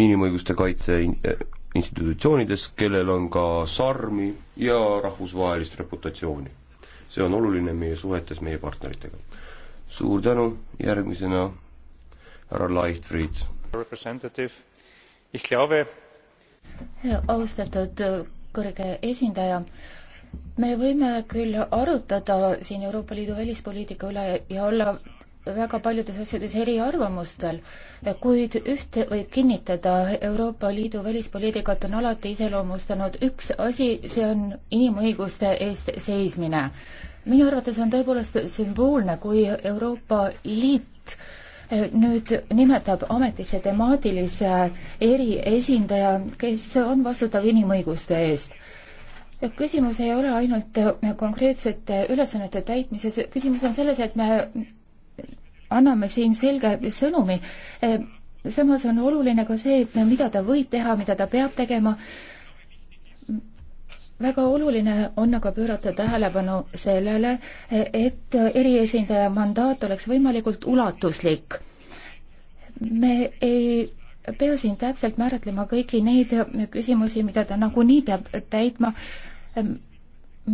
inimõiguste kaitse institutsioonides, kellel on ka sarmi ja rahvusvahelist reputatsiooni. see on oluline meie suhetes meie partneritega. suur tänu, järgmisena härra Leichtfried. austatud kõrge esindaja me võime küll arutada siin Euroopa Liidu välispoliitika üle ja olla väga paljudes asjades eriarvamustel, kuid ühte võib kinnitada, Euroopa Liidu välispoliitikat on alati iseloomustanud üks asi, see on inimõiguste eest seismine. minu arvates on tõepoolest sümboolne, kui Euroopa Liit eh, nüüd nimetab ametisse temaatilise eriesindaja, kes on vastutav inimõiguste eest küsimus ei ole ainult äh, konkreetsete ülesannete täitmises, küsimus on selles, et me anname siin selge sõnumi. Äh, samas on oluline ka see, et mida ta võib teha, mida ta peab tegema. väga oluline on aga pöörata tähelepanu sellele, et eriesindaja mandaat oleks võimalikult ulatuslik. me ei pea siin täpselt määratlema kõiki neid küsimusi, mida ta nagunii peab täitma,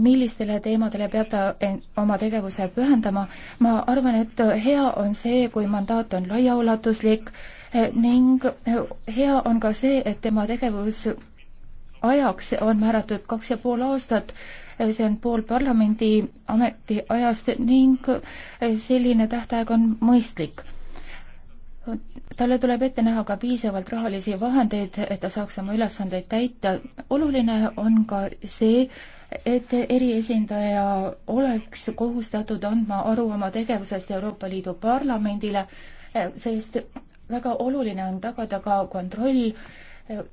millistele teemadele peab ta oma tegevuse pühendama. ma arvan, et hea on see, kui mandaat on laiaulatuslik eh, ning eh, hea on ka see, et tema tegevus ajaks on määratud kaks ja pool aastat, eh, see on pool parlamendi ametiajast ning selline tähtaeg on mõistlik talle tuleb ette näha ka piisavalt rahalisi vahendeid, et ta saaks oma ülesandeid täita. oluline on ka see, et eriesindaja oleks kohustatud andma aru oma tegevusest Euroopa Liidu Parlamendile, sest väga oluline on tagada ka kontroll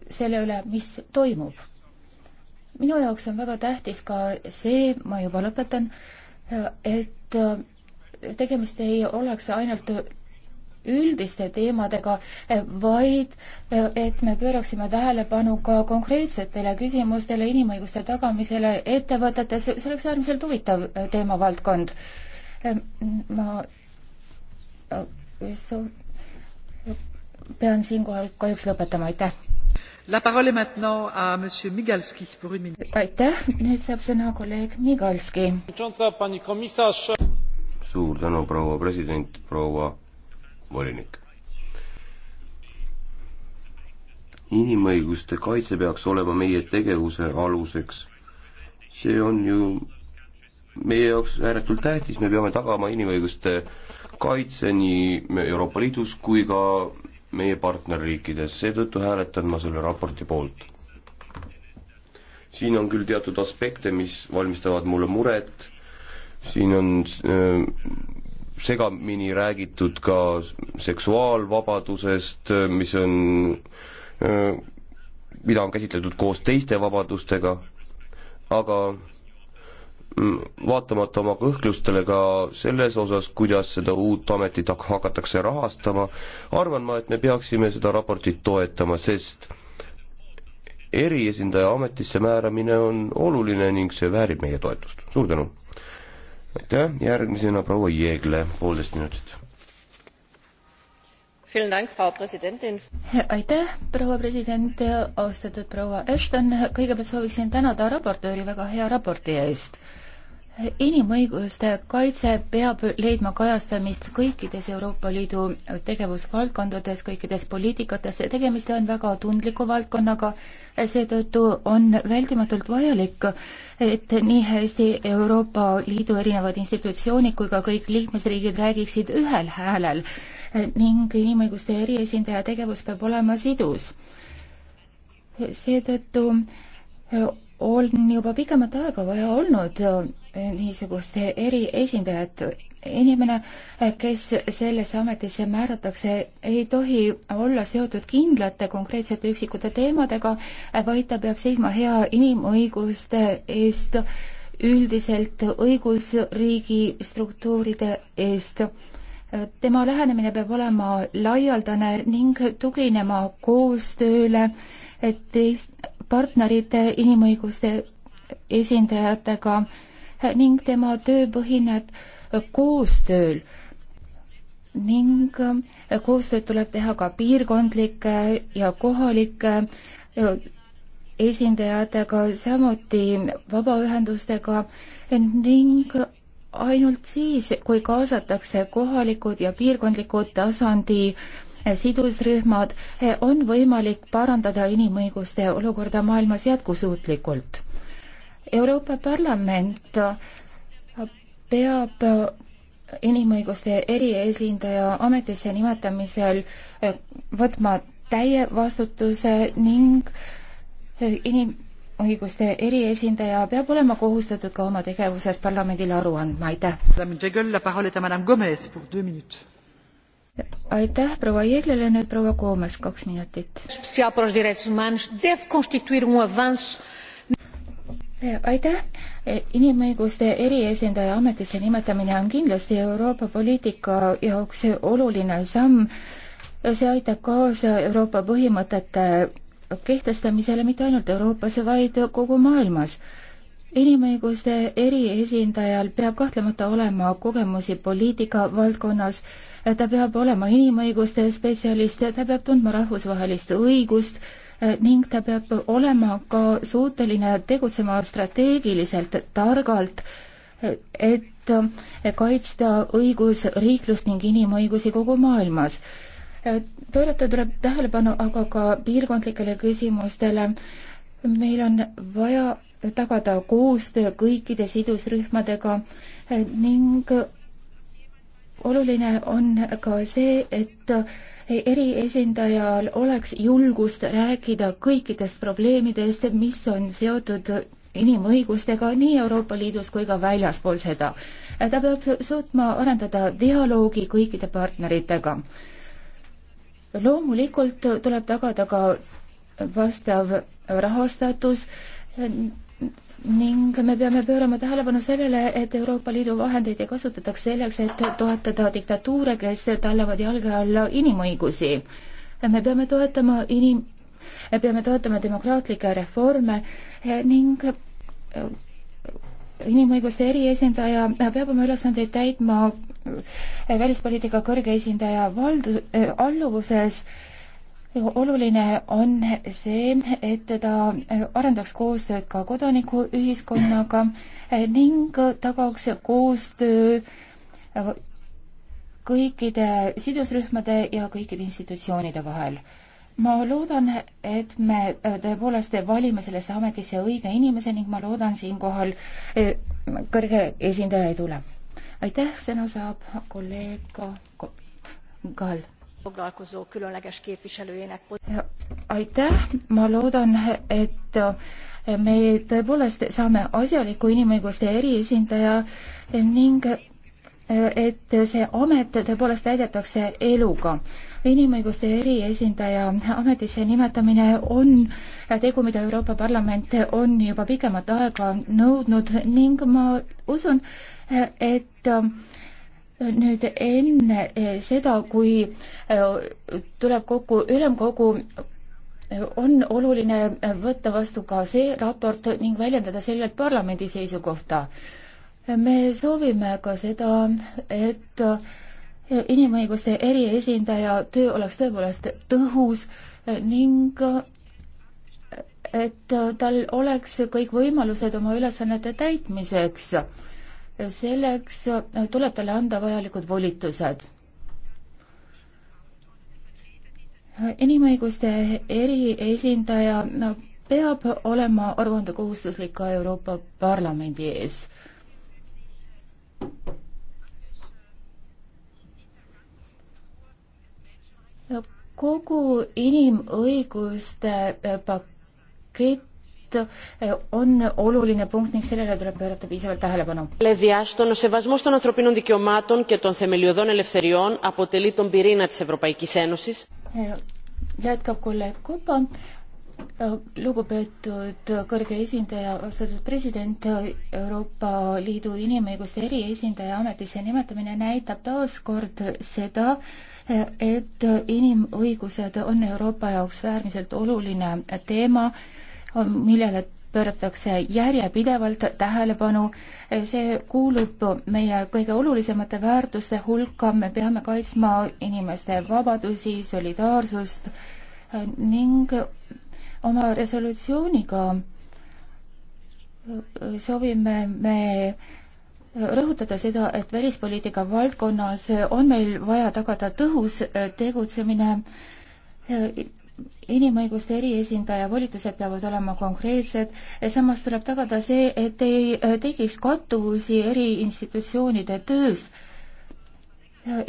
selle üle, mis toimub. minu jaoks on väga tähtis ka see, ma juba lõpetan, et tegemist ei oleks ainult üldiste teemadega, vaid et me pööraksime tähelepanu ka konkreetsetele küsimustele, inimõiguste tagamisele ettevõtetes, see oleks äärmiselt huvitav teemavaldkond. ma pean siinkohal kahjuks lõpetama, aitäh! aitäh, nüüd saab sõna kolleeg Migalski. suur tänu, proua president, proua volinik. inimõiguste kaitse peaks olema meie tegevuse aluseks. see on ju meie jaoks ääretult tähtis, me peame tagama inimõiguste kaitse nii Euroopa Liidus kui ka meie partnerriikides, seetõttu hääletan ma selle raporti poolt. siin on küll teatud aspekte, mis valmistavad mulle muret, siin on äh, segamini räägitud ka seksuaalvabadusest, mis on, äh, mida on käsitletud koos teiste vabadustega, aga mm, vaatamata oma kõhklustele ka selles osas, kuidas seda uut ametit hakatakse rahastama, arvan ma, et me peaksime seda raportit toetama, sest eriesindaja ametisse määramine on oluline ning see väärib meie toetust. suur tänu! aitäh, järgmisena proua Jeegle, poolteist minutit. aitäh, proua president, austatud proua Ashton, kõigepealt sooviksin tänada raportööri väga hea raporti eest inimõiguste kaitse peab leidma kajastamist kõikides Euroopa Liidu tegevusvaldkondades, kõikides poliitikates. tegemist on väga tundliku valdkonnaga, seetõttu on vältimatult vajalik et nii hästi Euroopa Liidu erinevad institutsioonid kui ka kõik liikmesriigid räägiksid ühel häälel ning inimõiguste eriesindaja tegevus peab olema sidus. seetõttu eh, on juba pikemat aega vaja olnud eh, niisugust eriesindajat inimene, kes sellesse ametisse määratakse, ei tohi olla seotud kindlate konkreetsete üksikute teemadega, vaid ta peab seisma hea inimõiguste eest, üldiselt õigusriigi struktuuride eest tema lähenemine peab olema laialdane ning tuginema koostööle teist, partnerite inimõiguste esindajatega ning tema töö põhineb koostööl ning äh, koostööd tuleb teha ka piirkondlike ja kohalike äh, esindajatega, samuti vabaühendustega ning ainult siis, kui kaasatakse kohalikud ja piirkondlikud tasandi äh, sidusrühmad, on võimalik parandada inimõiguste olukorda maailmas jätkusuutlikult. Euroopa Parlament peab äh, inimõiguste eriesindaja ametisse nimetamisel äh, võtma täie vastutuse ning äh, inimõiguste eriesindaja peab olema kohustatud ka oma tegevuses parlamendile aru andma, aitäh. aitäh proua Jeglele, nüüd proua Koomes, kaks minutit. aitäh E, inimõiguste eriesindaja ametisse nimetamine on kindlasti Euroopa poliitika jaoks oluline samm. see aitab kaasa Euroopa põhimõtete kehtestamisele mitte ainult Euroopas, vaid kogu maailmas. inimõiguste eriesindajal peab kahtlemata olema kogemusi poliitika valdkonnas, ta peab olema inimõiguste spetsialist ja ta peab tundma rahvusvahelist õigust Äh, ning ta peab olema ka suuteline tegutsema strateegiliselt targalt, äh, et äh, kaitsta õigusriiklust ning inimõigusi kogu maailmas. pöörata tuleb tähelepanu aga ka piirkondlikele küsimustele. meil on vaja tagada koostöö kõikide sidusrühmadega ning oluline on ka see, et eriesindajal oleks julgust rääkida kõikidest probleemidest, mis on seotud inimõigustega nii Euroopa Liidus kui ka väljaspool seda. ta peab suutma arendada dialoogi kõikide partneritega. loomulikult tuleb tagada ka vastav rahastatus ning me peame pöörama tähelepanu sellele, et Euroopa Liidu vahendeid ei kasutataks selleks, et toetada diktatuure, kes tallavad jalge alla inimõigusi. me peame toetama inim-, peame toetama demokraatlikke reforme ning äh, inimõiguste eriesindaja peab oma ülesandeid täitma välispoliitika kõrge esindaja valdu-, äh, alluvuses äh, oluline on see, et ta arendaks koostööd ka kodanikuühiskonnaga ning tagaks koostöö kõikide sidusrühmade ja kõikide institutsioonide vahel. ma loodan, et me tõepoolest valime sellesse ametisse õige inimese ning ma loodan siinkohal e, kõrge esindaja ei tule. aitäh, sõna saab kolleeg Kall foglalkozó különleges képviselőjének. aitäh, ma loodan, et me tõepoolest saame asjaliku inimõiguste eriesindaja ning et see amet tõepoolest täidetakse eluga. inimõiguste eriesindaja ametisse nimetamine on tegu, mida Euroopa Parlament on juba pikemat aega nõudnud ning ma usun, et nüüd enne eh, seda, kui eh, tuleb kokku ülemkogu, eh, on oluline võtta vastu ka see raport ning väljendada sellelt parlamendi seisukohta. me soovime ka seda, et inimõiguste eriesindaja töö oleks tõepoolest tõhus ning et tal oleks kõik võimalused oma ülesannete täitmiseks selleks äh, tuleb talle anda vajalikud volitused. inimõiguste eriesindaja peab olema aruandekohustuslik ka Euroopa Parlamendi ees kogu inimõiguste äh, pakett Eh, on oluline punkt ning sellele tuleb pöörata piisavalt tähelepanu. Διάστον, ο σεβασμός των ανθρωπίνων δικαιωμάτων και των θεμελιωδών ελευθεριών αποτελεί τον πυρήνα της Ευρωπαϊκής Ένωσης. Jätkab kolleeg Kuba. Eh, lugupeetud kõrge esindaja, austatud president, Euroopa Liidu inimõiguste eriesindaja ametisse nimetamine näitab taaskord seda, eh, et inimõigused on Euroopa jaoks äärmiselt oluline teema millele pööratakse järjepidevalt tähelepanu. see kuulub meie kõige olulisemate väärtuste hulka, me peame kaitsma inimeste vabadusi, solidaarsust ning oma resolutsiooniga soovime me rõhutada seda, et välispoliitika valdkonnas on meil vaja tagada tõhus tegutsemine inimõiguste eriesindaja volitused peavad olema konkreetsed, samas tuleb tagada see, et ei äh, tekiks kattuvusi eri institutsioonide töös.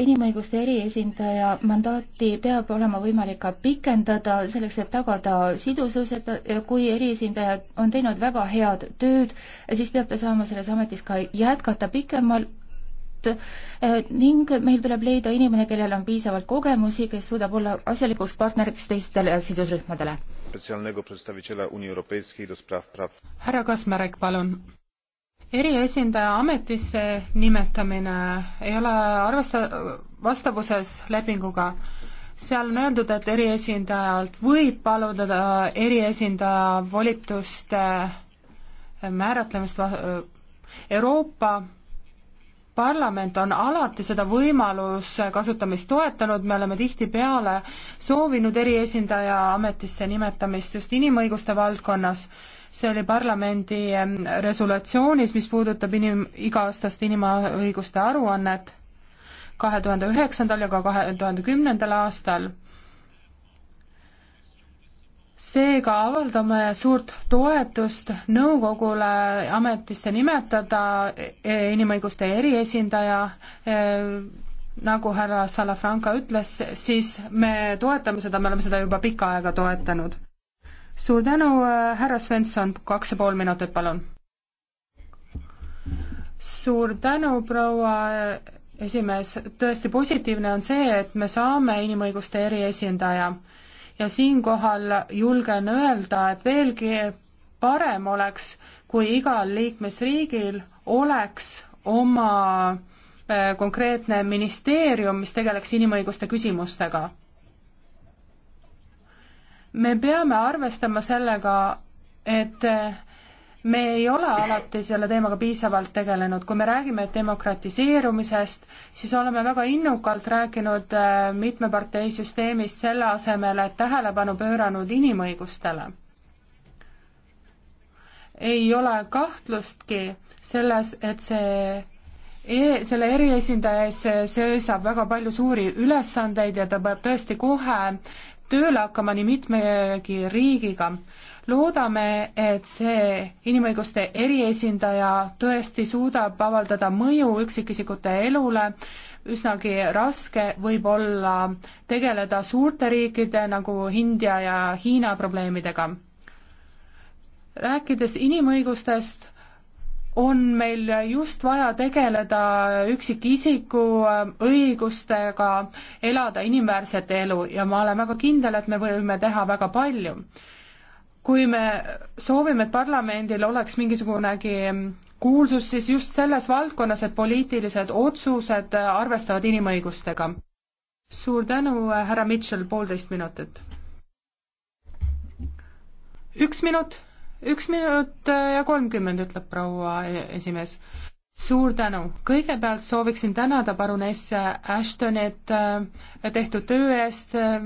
inimõiguste eriesindaja mandaati peab olema võimalik ka pikendada, selleks et tagada sidusus, et äh, kui eriesindaja on teinud väga head tööd, siis peab ta saama selles ametis ka jätkata pikemal Eh, ning meil tuleb leida inimene, kellel on piisavalt kogemusi, kes suudab olla asjalikuks partneriks teistele sidusrühmadele. härra Kasmarek, palun. eriesindaja ametisse nimetamine ei ole arvesta-, vastavuses lepinguga seal on öeldud, et eriesindajalt võib paluda eriesindaja volituste määratlemist Euroopa parlament on alati seda võimaluse kasutamist toetanud, me oleme tihtipeale soovinud eriesindaja ametisse nimetamist just inimõiguste valdkonnas, see oli parlamendi resolutsioonis, mis puudutab inim-, iga-aastast inimõiguste aruannet kahe tuhande üheksandal ja ka kahe tuhande kümnendal aastal seega avaldame suurt toetust nõukogule ametisse nimetada e-, e-, inimõiguste eriesindaja, e, nagu härra Salafranca ütles, siis me toetame seda, me oleme seda juba pikka aega toetanud. suur tänu, härra Svensson, kaks ja pool minutit, palun. suur tänu, proua esimees, tõesti positiivne on see, et me saame inimõiguste eriesindaja ja siinkohal julgen öelda, et veelgi parem oleks, kui igal liikmesriigil oleks oma äh, konkreetne ministeerium, mis tegeleks inimõiguste küsimustega. me peame arvestama sellega, et äh, me ei ole alati selle teemaga piisavalt tegelenud, kui me räägime demokratiseerumisest, siis oleme väga innukalt rääkinud äh, mitmeparteisüsteemist selle asemel, et tähelepanu pööranud inimõigustele. ei ole kahtlustki selles, et see E, selle eriesindaja ees, see saab väga palju suuri ülesandeid ja ta peab tõesti kohe tööle hakkama nii mitmegi riigiga loodame, et see inimõiguste eriesindaja tõesti suudab avaldada mõju üksikisikute elule, üsnagi raske võib olla tegeleda suurte riikide nagu India ja Hiina probleemidega. rääkides inimõigustest, on meil just vaja tegeleda üksikisiku õigustega elada inimväärset elu ja ma olen väga kindel, et me võime teha väga palju kui me soovime, et parlamendil oleks mingisugunegi kuulsus, siis just selles valdkonnas, et poliitilised otsused arvestavad inimõigustega. suur tänu, härra Mitchell, poolteist minutit. üks minut, üks minut ja kolmkümmend, ütleb proua esimees suur tänu, kõigepealt sooviksin tänada parunesse Ashtonit äh, tehtud töö eest, äh,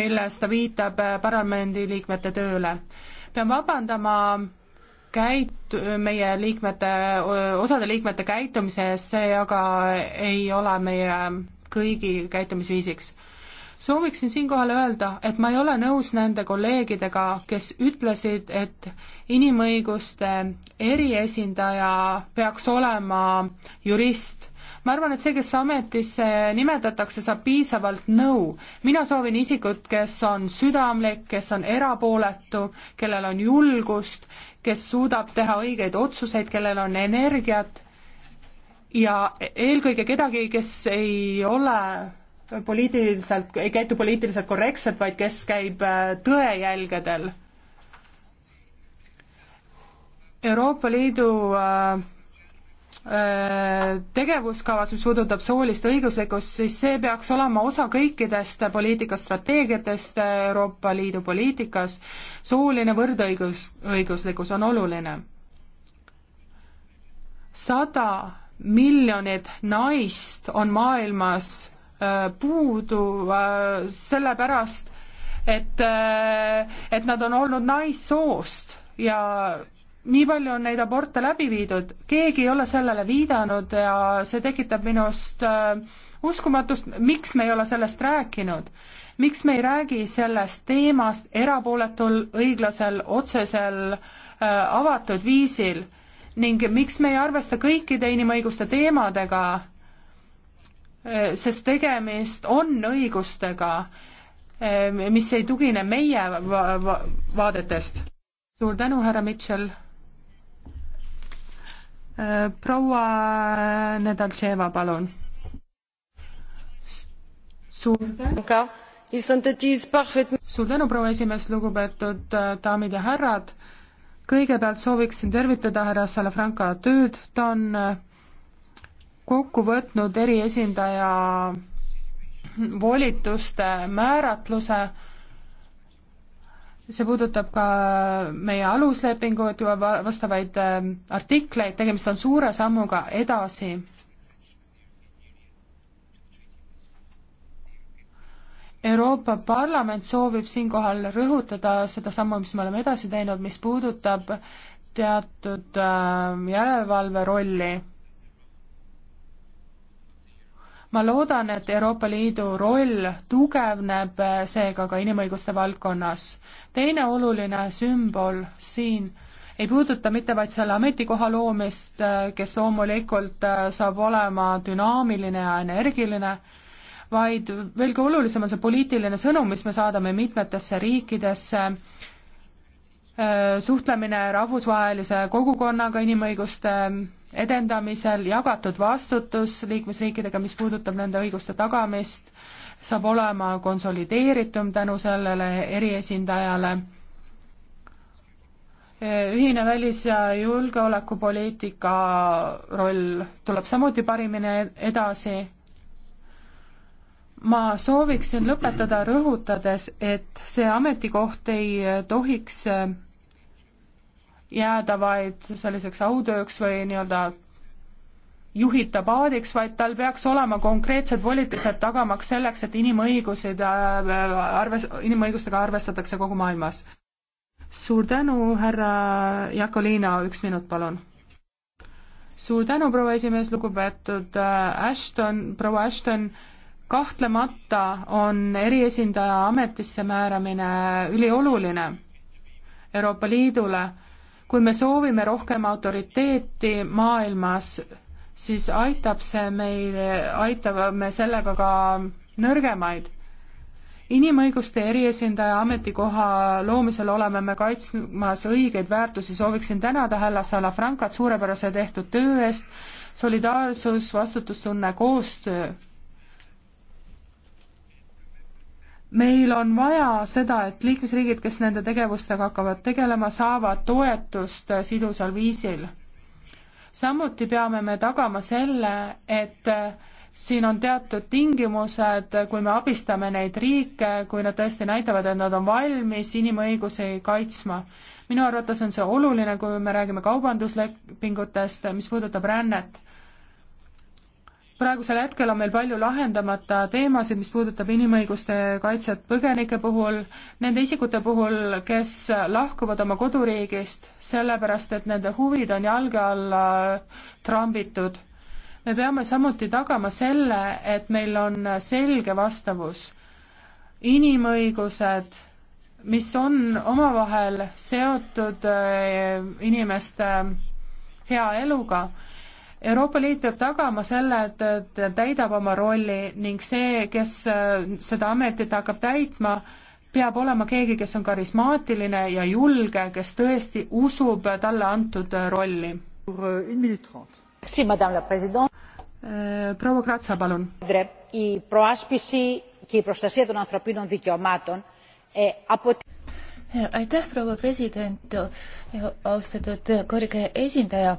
milles ta viitab äh, parlamendiliikmete tööle. pean vabandama käit-, meie liikmete, osade liikmete käitumise eest, see aga ei ole meie kõigi käitumisviisiks sooviksin siinkohal öelda, et ma ei ole nõus nende kolleegidega, kes ütlesid, et inimõiguste eriesindaja peaks olema jurist. ma arvan, et see, kes ametisse nimetatakse, saab piisavalt nõu. mina soovin isikut, kes on südamlik, kes on erapooletu, kellel on julgust, kes suudab teha õigeid otsuseid, kellel on energiat ja eelkõige kedagi, kes ei ole poliitiliselt, ei käitu poliitiliselt korrektselt, vaid kes käib äh, tõe jälgedel. Euroopa Liidu äh, äh, tegevuskavas, mis puudutab soolist õiguslikkust, siis see peaks olema osa kõikidest poliitikastrateegiatest Euroopa Liidu poliitikas. sooline võrdõigus, õiguslikkus on oluline. sada miljonit naist on maailmas Äh, puudu äh, sellepärast, et, äh, et nad on olnud naissoost ja nii palju on neid aborte läbi viidud, keegi ei ole sellele viidanud ja see tekitab minust uskumatust, miks me ei ole sellest rääkinud. miks me ei räägi sellest teemast erapooletul, õiglasel, otsesel, avatud viisil ning miks me ei arvesta kõikide inimõiguste teemadega, sest tegemist on õigustega, eh, mis ei tugine meie va va vaadetest. suur tänu, härra Mitchell. Eh, proua Nedaltševa, palun. suur tänu suur tänu, proua esimees, lugupeetud eh, daamid ja härrad. kõigepealt sooviksin tervitada härra Salafranca tööd, ta on kokku võtnud eriesindaja volituste määratluse, see puudutab ka meie aluslepingut ja vastavaid ähm, artikleid, tegemist on suure sammuga edasi. Euroopa Parlament soovib siinkohal rõhutada seda sammu, mis me oleme edasi teinud, mis puudutab teatud ähm, järelevalve rolli ma loodan, et Euroopa Liidu roll tugevneb seega ka inimõiguste valdkonnas. teine oluline sümbol siin ei puuduta mitte vaid selle ametikoha loomist, kes loomulikult saab olema dünaamiline ja energiline, vaid veelgi olulisem on see poliitiline sõnum, mis me saadame mitmetesse riikidesse, suhtlemine rahvusvahelise kogukonnaga inimõiguste edendamisel jagatud vastutus liikmesriikidega, mis puudutab nende õiguste tagamist, saab olema konsolideeritum tänu sellele eriesindajale. ühine välis- ja julgeolekupoliitika roll tuleb samuti parimini edasi. ma sooviksin lõpetada rõhutades, et see ametikoht ei tohiks jääda vaid selliseks autööks või nii-öelda juhita paadiks, vaid tal peaks olema konkreetsed volitused tagamaks selleks, et inimõigused äh, arves-, inimõigustega arvestatakse kogu maailmas. suur tänu, härra Jakolina, üks minut, palun. suur tänu, proua esimees, lugupeetud äh, Ashton, proua Ashton, kahtlemata on eriesindaja ametisse määramine ülioluline Euroopa Liidule kui me soovime rohkem autoriteeti maailmas, siis aitab see meil, aitame sellega ka nõrgemaid. inimõiguste eriesindaja ametikoha loomisel oleme me kaitsmas õigeid väärtusi, sooviksin tänada härra Salafrancat suurepärase tehtud töö eest, solidaarsus, vastutustunne, koostöö meil on vaja seda, et liikmesriigid, kes nende tegevustega hakkavad tegelema, saavad toetust sidusal viisil. samuti peame me tagama selle, et siin on teatud tingimused, kui me abistame neid riike, kui nad tõesti näitavad, et nad on valmis inimõigusi kaitsma. minu arvates on see oluline, kui me räägime kaubanduslepingutest, mis puudutab rännet praegusel hetkel on meil palju lahendamata teemasid, mis puudutab inimõiguste kaitset põgenike puhul, nende isikute puhul, kes lahkuvad oma koduriigist, sellepärast et nende huvid on jalge alla trambitud. me peame samuti tagama selle, et meil on selge vastavus. inimõigused, mis on omavahel seotud äh, inimeste hea eluga Euroopa Liit peab tagama selle, et, et täidab oma rolli ning see, kes äh, seda ametit hakkab täitma, peab olema keegi, kes on karismaatiline ja julge, kes tõesti usub talle antud äh, rolli. Äh, proua Kratsa, palun. proaspisi ja prostasia on anthropinondikiomaton aitäh, proua president, austatud kõrge esindaja.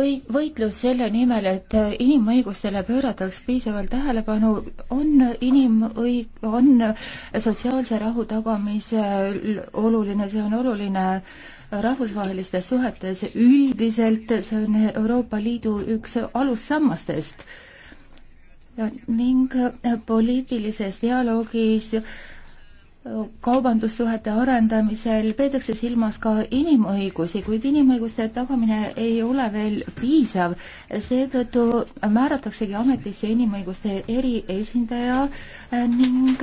õi-, võitlus selle nimel, et inimõigustele pöörataks piisavalt tähelepanu, on inimõi-, on sotsiaalse rahu tagamisel oluline, see on oluline rahvusvahelistes suhetes üldiselt, see on Euroopa Liidu üks alussammastest ning poliitilises dialoogis kaubandussuhete arendamisel peetakse silmas ka inimõigusi, kuid inimõiguste tagamine ei ole veel piisav. seetõttu määrataksegi ametisse inimõiguste eriesindaja ning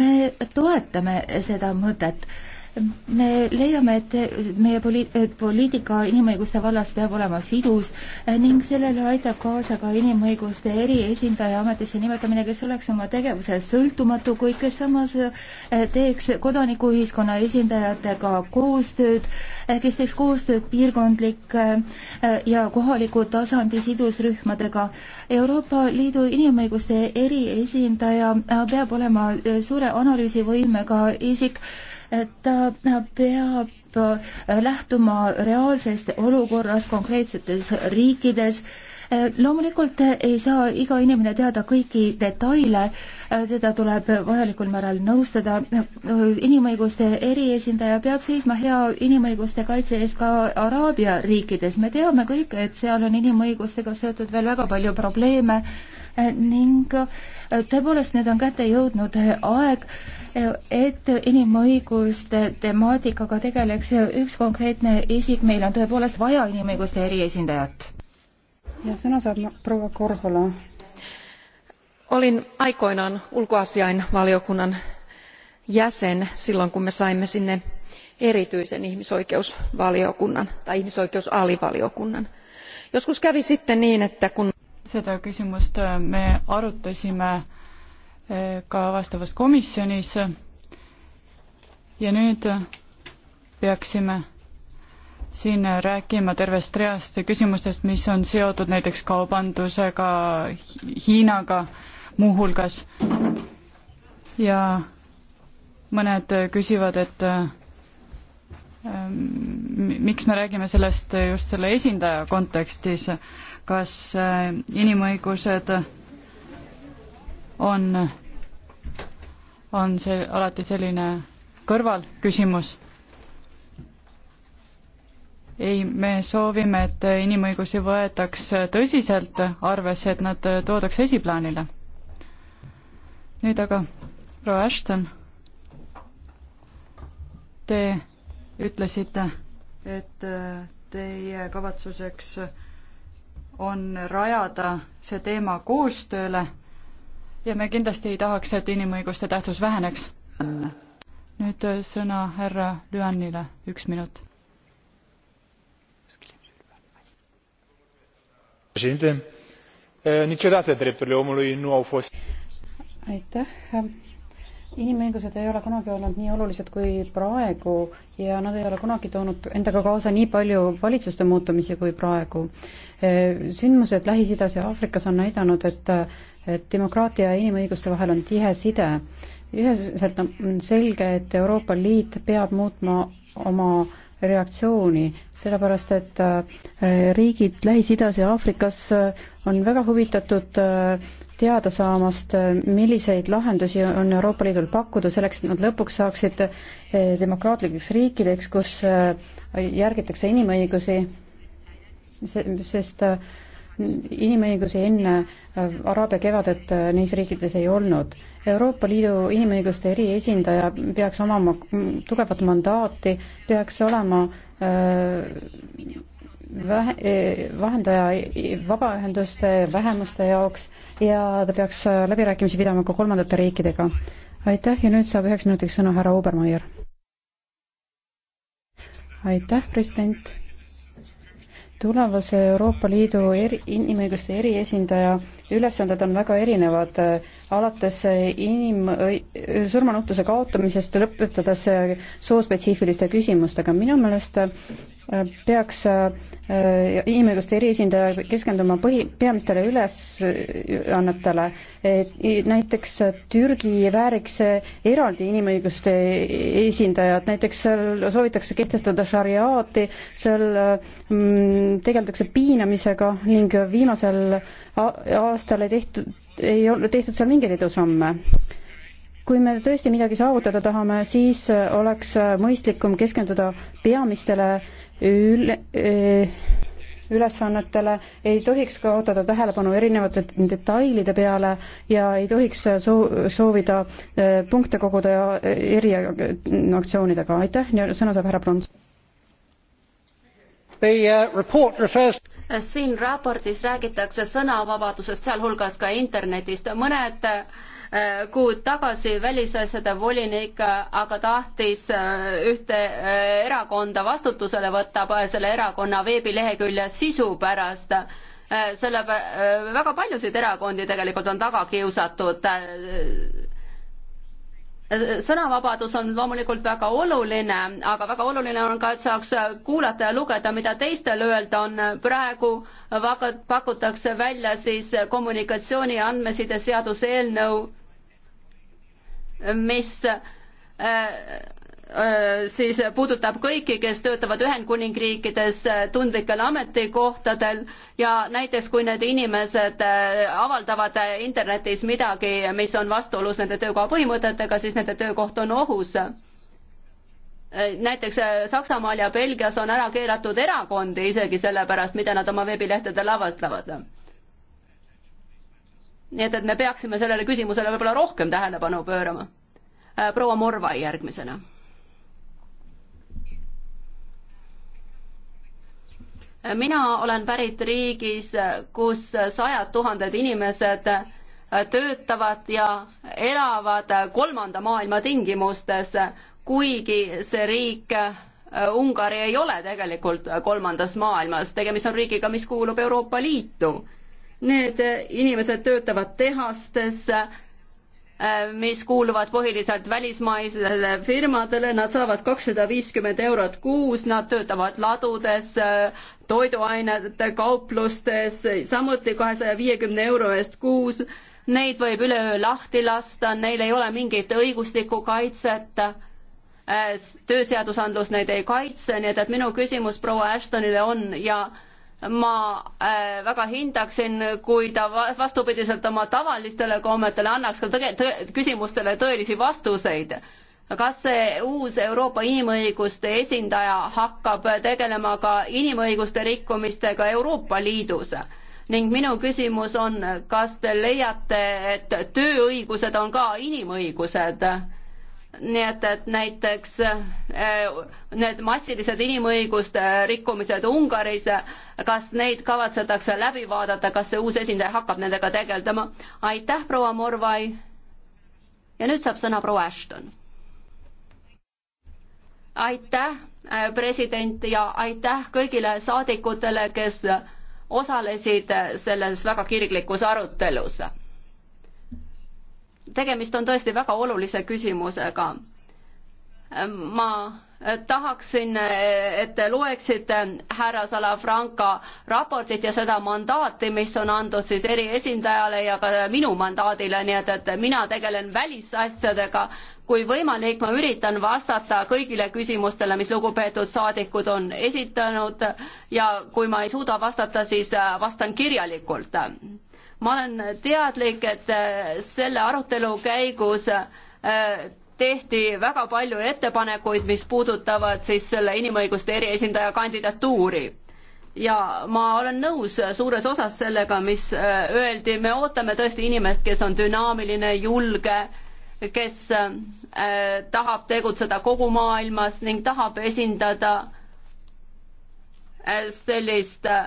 me toetame seda mõtet me leiame, et meie poli-, poliitika inimõiguste vallas peab olema sidus eh, ning sellele aitab kaasa ka inimõiguste eriesindaja ametisse nimetamine, kes oleks oma tegevuses sõltumatu, kuid kes samas eh, teeks kodanikuühiskonna esindajatega koostööd, eh, kes teeks koostööd piirkondlike ja kohaliku tasandi sidusrühmadega. Euroopa Liidu inimõiguste eriesindaja peab olema suure analüüsivõimega isik, ta peab äh, lähtuma reaalsest olukorrast konkreetsetes riikides. Äh, loomulikult ei saa iga inimene teada kõiki detaile, äh, teda tuleb vajalikul määral nõustada. inimõiguste eriesindaja peab seisma hea inimõiguste kaitse eest ka Araabia riikides. me teame kõik, et seal on inimõigustega seotud veel väga palju probleeme ning tõepoolest nüüd on kätte jõudnud aeg, et inimõiguste temaatikaga tegeleks üks konkreetne isik, meil on tõepoolest vaja inimõiguste eriesindajat. ja sõna saab proua Korhola. olin aikoinaan ulkoasiainvaliokunnan jäsen silloin kun me saimme sinne erityisen ihmisoikeusvaliokunnan tai ihmisoikeusalivaliokunnan. joskus kävi sitten niin että kun seda küsimust äh, me arutasime ka vastavas komisjonis. ja nüüd peaksime siin rääkima tervest reast küsimustest, mis on seotud näiteks kaubandusega Hiinaga muuhulgas. ja mõned küsivad, et ähm, miks me räägime sellest just selle esindaja kontekstis, kas äh, inimõigused on, on see alati selline kõrvalküsimus. ei, me soovime, et inimõigusi võetaks tõsiselt arvesse, et nad toodaks esiplaanile. nüüd aga, proua Ashton, te ütlesite, et teie kavatsuseks on rajada see teema koostööle ja me kindlasti ei tahaks, et inimõiguste tähtsus väheneks. nüüd äh, sõna härra Lüannile, üks minut. Eh, aitäh inimõigused ei ole kunagi olnud nii olulised kui praegu ja nad ei ole kunagi toonud endaga kaasa nii palju valitsuste muutumisi kui praegu. Eh, sündmused Lähis-Idas ja Aafrikas on näidanud, et et demokraatia ja inimõiguste vahel on tihe side. üheselt on selge, et Euroopa Liit peab muutma oma reaktsiooni, sellepärast et äh, riigid Lähis-Idas ja Aafrikas äh, on väga huvitatud äh, teada saamast, milliseid lahendusi on Euroopa Liidul pakkuda selleks, et nad lõpuks saaksid demokraatlikeks riikideks, kus järgitakse inimõigusi, sest äh, inimõigusi enne äh, Araabia kevadet äh, neis riikides ei olnud. Euroopa Liidu inimõiguste eriesindaja peaks omama tugevat mandaati, peaks olema äh, vähe, vahendaja vabaühenduste, vähemuste jaoks ja ta peaks läbirääkimisi pidama ka kolmandate riikidega. aitäh ja nüüd saab üheks minutiks sõna härra Obermeier. aitäh, president tulevase Euroopa Liidu eri, inimõiguste eriesindaja ülesanded on väga erinevad alates inim-, surmanuhtluse kaotamisest lõpetades soospetsiifiliste küsimustega. minu meelest äh, peaks äh, inimõiguste eriesindaja keskenduma põhi, peamistele ülesannetele, et näiteks Türgi vääriks eraldi inimõiguste esindajat, näiteks seal soovitakse kehtestada šariaati, seal mm, tegeldakse piinamisega ning viimasel aastal ei tehtud ei ole tehtud seal mingeid edusamme kui me tõesti midagi saavutada tahame, siis äh, oleks äh, mõistlikum keskenduda peamistele üle, äh, ülesannetele, ei tohiks kaotada tähelepanu erinevate detailide peale ja ei tohiks soo-, soovida punkte koguda eriaktsioonidega. aitäh ja sõna saab härra Prons. The uh, report refers siin raportis räägitakse sõnavabadusest, sealhulgas ka internetist. mõned äh, kuud tagasi välisasjade volinik äh, aga tahtis äh, ühte erakonda vastutusele võtta selle erakonna veebilehekülje sisu pärast selle, väga paljusid erakondi tegelikult on taga kiusatud sõnavabadus on loomulikult väga oluline, aga väga oluline on ka, et saaks kuulata ja lugeda, mida teistel öelda on. praegu pakutakse välja siis kommunikatsiooni ja andmeside seaduse eelnõu, mis äh, Äh, siis puudutab kõiki, kes töötavad Ühendkuningriikides äh, tundlikel ametikohtadel ja näiteks kui need inimesed äh, avaldavad internetis midagi, mis on vastuolus nende töökoha põhimõtetega, siis nende töökoht on ohus. näiteks Saksamaal ja Belgias on ära keelatud erakondi isegi selle pärast, mida nad oma veebilehtedel avastavad. nii et, et me peaksime sellele küsimusele võib-olla rohkem tähelepanu pöörama. proua Morvai järgmisena mina olen pärit riigis, kus sajad tuhanded inimesed töötavad ja elavad kolmanda maailma tingimustes, kuigi see riik Ungari ei ole tegelikult kolmandas maailmas, tegemist on riigiga, mis kuulub Euroopa Liitu. Need inimesed töötavad tehastes äh, Äh, mis kuuluvad põhiliselt välismaisele firmadele, nad saavad kakssada viiskümmend eurot kuus, nad töötavad ladudes, äh, toiduainete kauplustes, samuti kahesaja viiekümne euro eest kuus. Neid võib üleöö lahti lasta, neil ei ole mingit õiguslikku kaitset. Äh, tööseadusandlus neid ei kaitse, nii et, et minu küsimus proua Ashtonile on ja äh, ma äh, väga hindaksin, kui ta vastupidiselt oma tavalistele kommetele annaks ka tõge, tõ, küsimustele tõelisi vastuseid. kas see uus Euroopa inimõiguste esindaja hakkab tegelema ka inimõiguste rikkumistega Euroopa Liidus? ning minu küsimus on, kas te leiate, et tööõigused on ka inimõigused äh,? nii et, et näiteks äh, need massilised inimõiguste rikkumised Ungaris, kas neid kavatsetakse läbi vaadata, kas see uus esindaja hakkab nendega tegeldama? aitäh, proua Morvai. ja nüüd saab sõna proua Ashton. aitäh, äh, president ja aitäh kõigile saadikutele, kes osalesid äh, selles väga kirglikus arutelus tegemist on tõesti väga olulise küsimusega. ma tahaksin, et te loeksite härra Salafranca raportit ja seda mandaati, mis on antud siis eriesindajale ja ka minu mandaadile, nii et, et mina tegelen välisasjadega. kui võimalik, ma üritan vastata kõigile küsimustele, mis lugupeetud saadikud on esitanud ja kui ma ei suuda vastata, siis vastan kirjalikult ma olen teadlik, et äh, selle arutelu käigus äh, tehti väga palju ettepanekuid, mis puudutavad siis selle inimõiguste eriesindaja kandidatuuri. ja ma olen nõus suures osas sellega, mis äh, öeldi, me ootame tõesti inimest, kes on dünaamiline, julge, kes tahab tegutseda kogu maailmas ning tahab esindada sellist äh,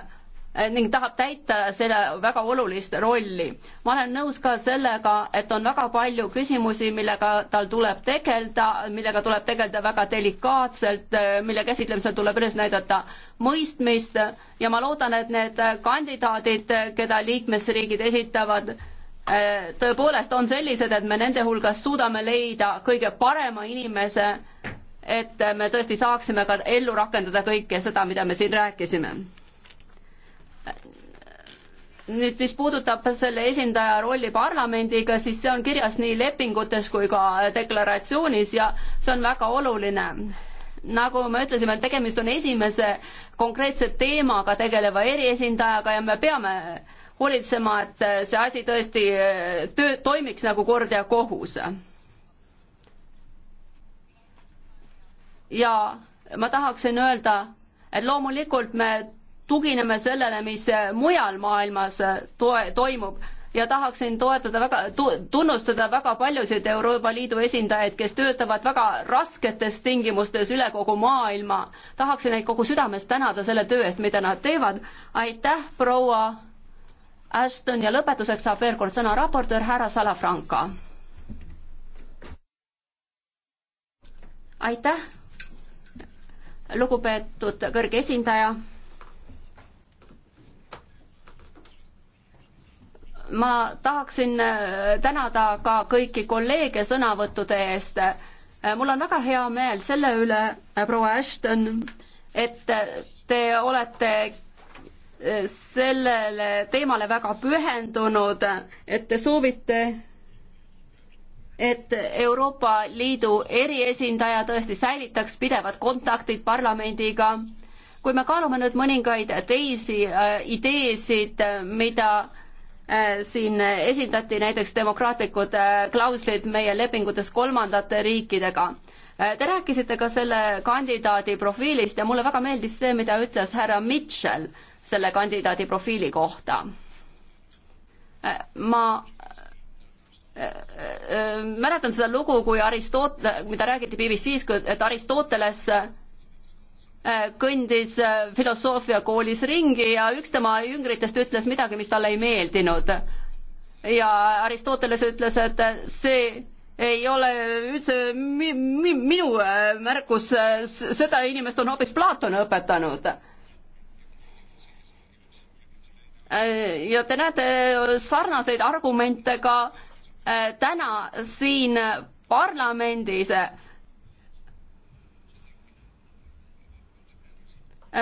Äh, ning tahab täita selle väga olulist rolli. ma olen nõus ka sellega, et on väga palju küsimusi, millega tal tuleb tegeleda, millega tuleb tegeleda väga delikaatselt, äh, mille käsitlemisel tuleb üles näidata mõistmist ja ma loodan, et need kandidaadid, keda liikmesriigid esitavad, äh, tõepoolest on sellised, et me nende hulgas suudame leida kõige parema inimese, et me tõesti saaksime ka ellu rakendada kõike seda, mida me siin rääkisime nüüd, mis puudutab selle esindaja rolli parlamendiga, siis see on kirjas nii lepingutes kui ka deklaratsioonis ja see on väga oluline. nagu me ütlesime, tegemist on esimese konkreetse teemaga tegeleva eriesindajaga ja me peame hoolitsema, et see asi tõesti eh, töö, toimiks nagu kord ja kohus. ja ma tahaksin öelda, et loomulikult me tugineme sellele, mis mujal maailmas toe-, toimub ja tahaksin toetada väga tu,, tunnustada väga paljusid Euroopa Liidu esindajaid, kes töötavad väga rasketes tingimustes üle kogu maailma. tahaksin neid kogu südamest tänada selle töö eest, mida nad teevad. aitäh, proua Ashton ja lõpetuseks saab veel kord sõna raportöör härra Salafranca. aitäh, lugupeetud kõrge esindaja ma tahaksin äh, tänada ka kõiki kolleege sõnavõttude eest. Äh, mul on väga hea meel selle üle, äh, proua Ashton, et te olete sellele teemale väga pühendunud, et te soovite, et Euroopa Liidu eriesindaja tõesti säilitaks pidevad kontaktid parlamendiga. kui me kaalume nüüd mõningaid teisi ideesid, mida Äh, siin esindati näiteks demokraatlikud äh, klauslid meie lepingutes kolmandate riikidega. Äh, te rääkisite ka selle kandidaadi profiilist ja mulle väga meeldis see, mida ütles härra Mitchell selle kandidaadi profiili kohta. ma mäletan seda lugu, kui Aristot-, mida räägiti BBC-s, et Aristoteles Äh, kõndis äh, filosoofiakoolis ringi ja üks tema jüngritest ütles midagi, mis talle ei meeldinud. ja Aristoteles ütles, et äh, see ei ole üldse mi mi minu märkus, seda inimest on hoopis Platon õpetanud. ja te näete sarnaseid argumente ka täna siin parlamendis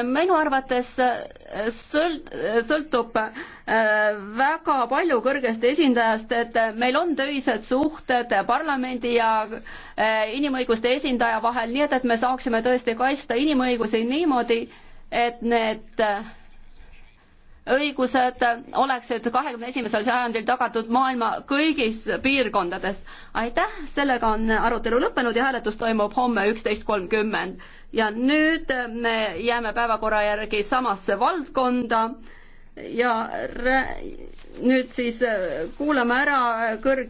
minu arvates äh, sõlt-, äh, sõltub äh, väga palju kõrgest esindajast, et meil on töised suhted parlamendi ja inimõiguste esindaja vahel, nii et, et me saaksime tõesti kaitsta inimõigusi niimoodi, et need õigused oleksid kahekümne esimesel sajandil tagatud maailma kõigis piirkondades. aitäh, sellega on arutelu lõppenud ja hääletus toimub homme üksteist kolmkümmend ja nüüd äh, me jääme päevakorra järgi samasse valdkonda ja nüüd siis äh, kuulame ära äh, kõrge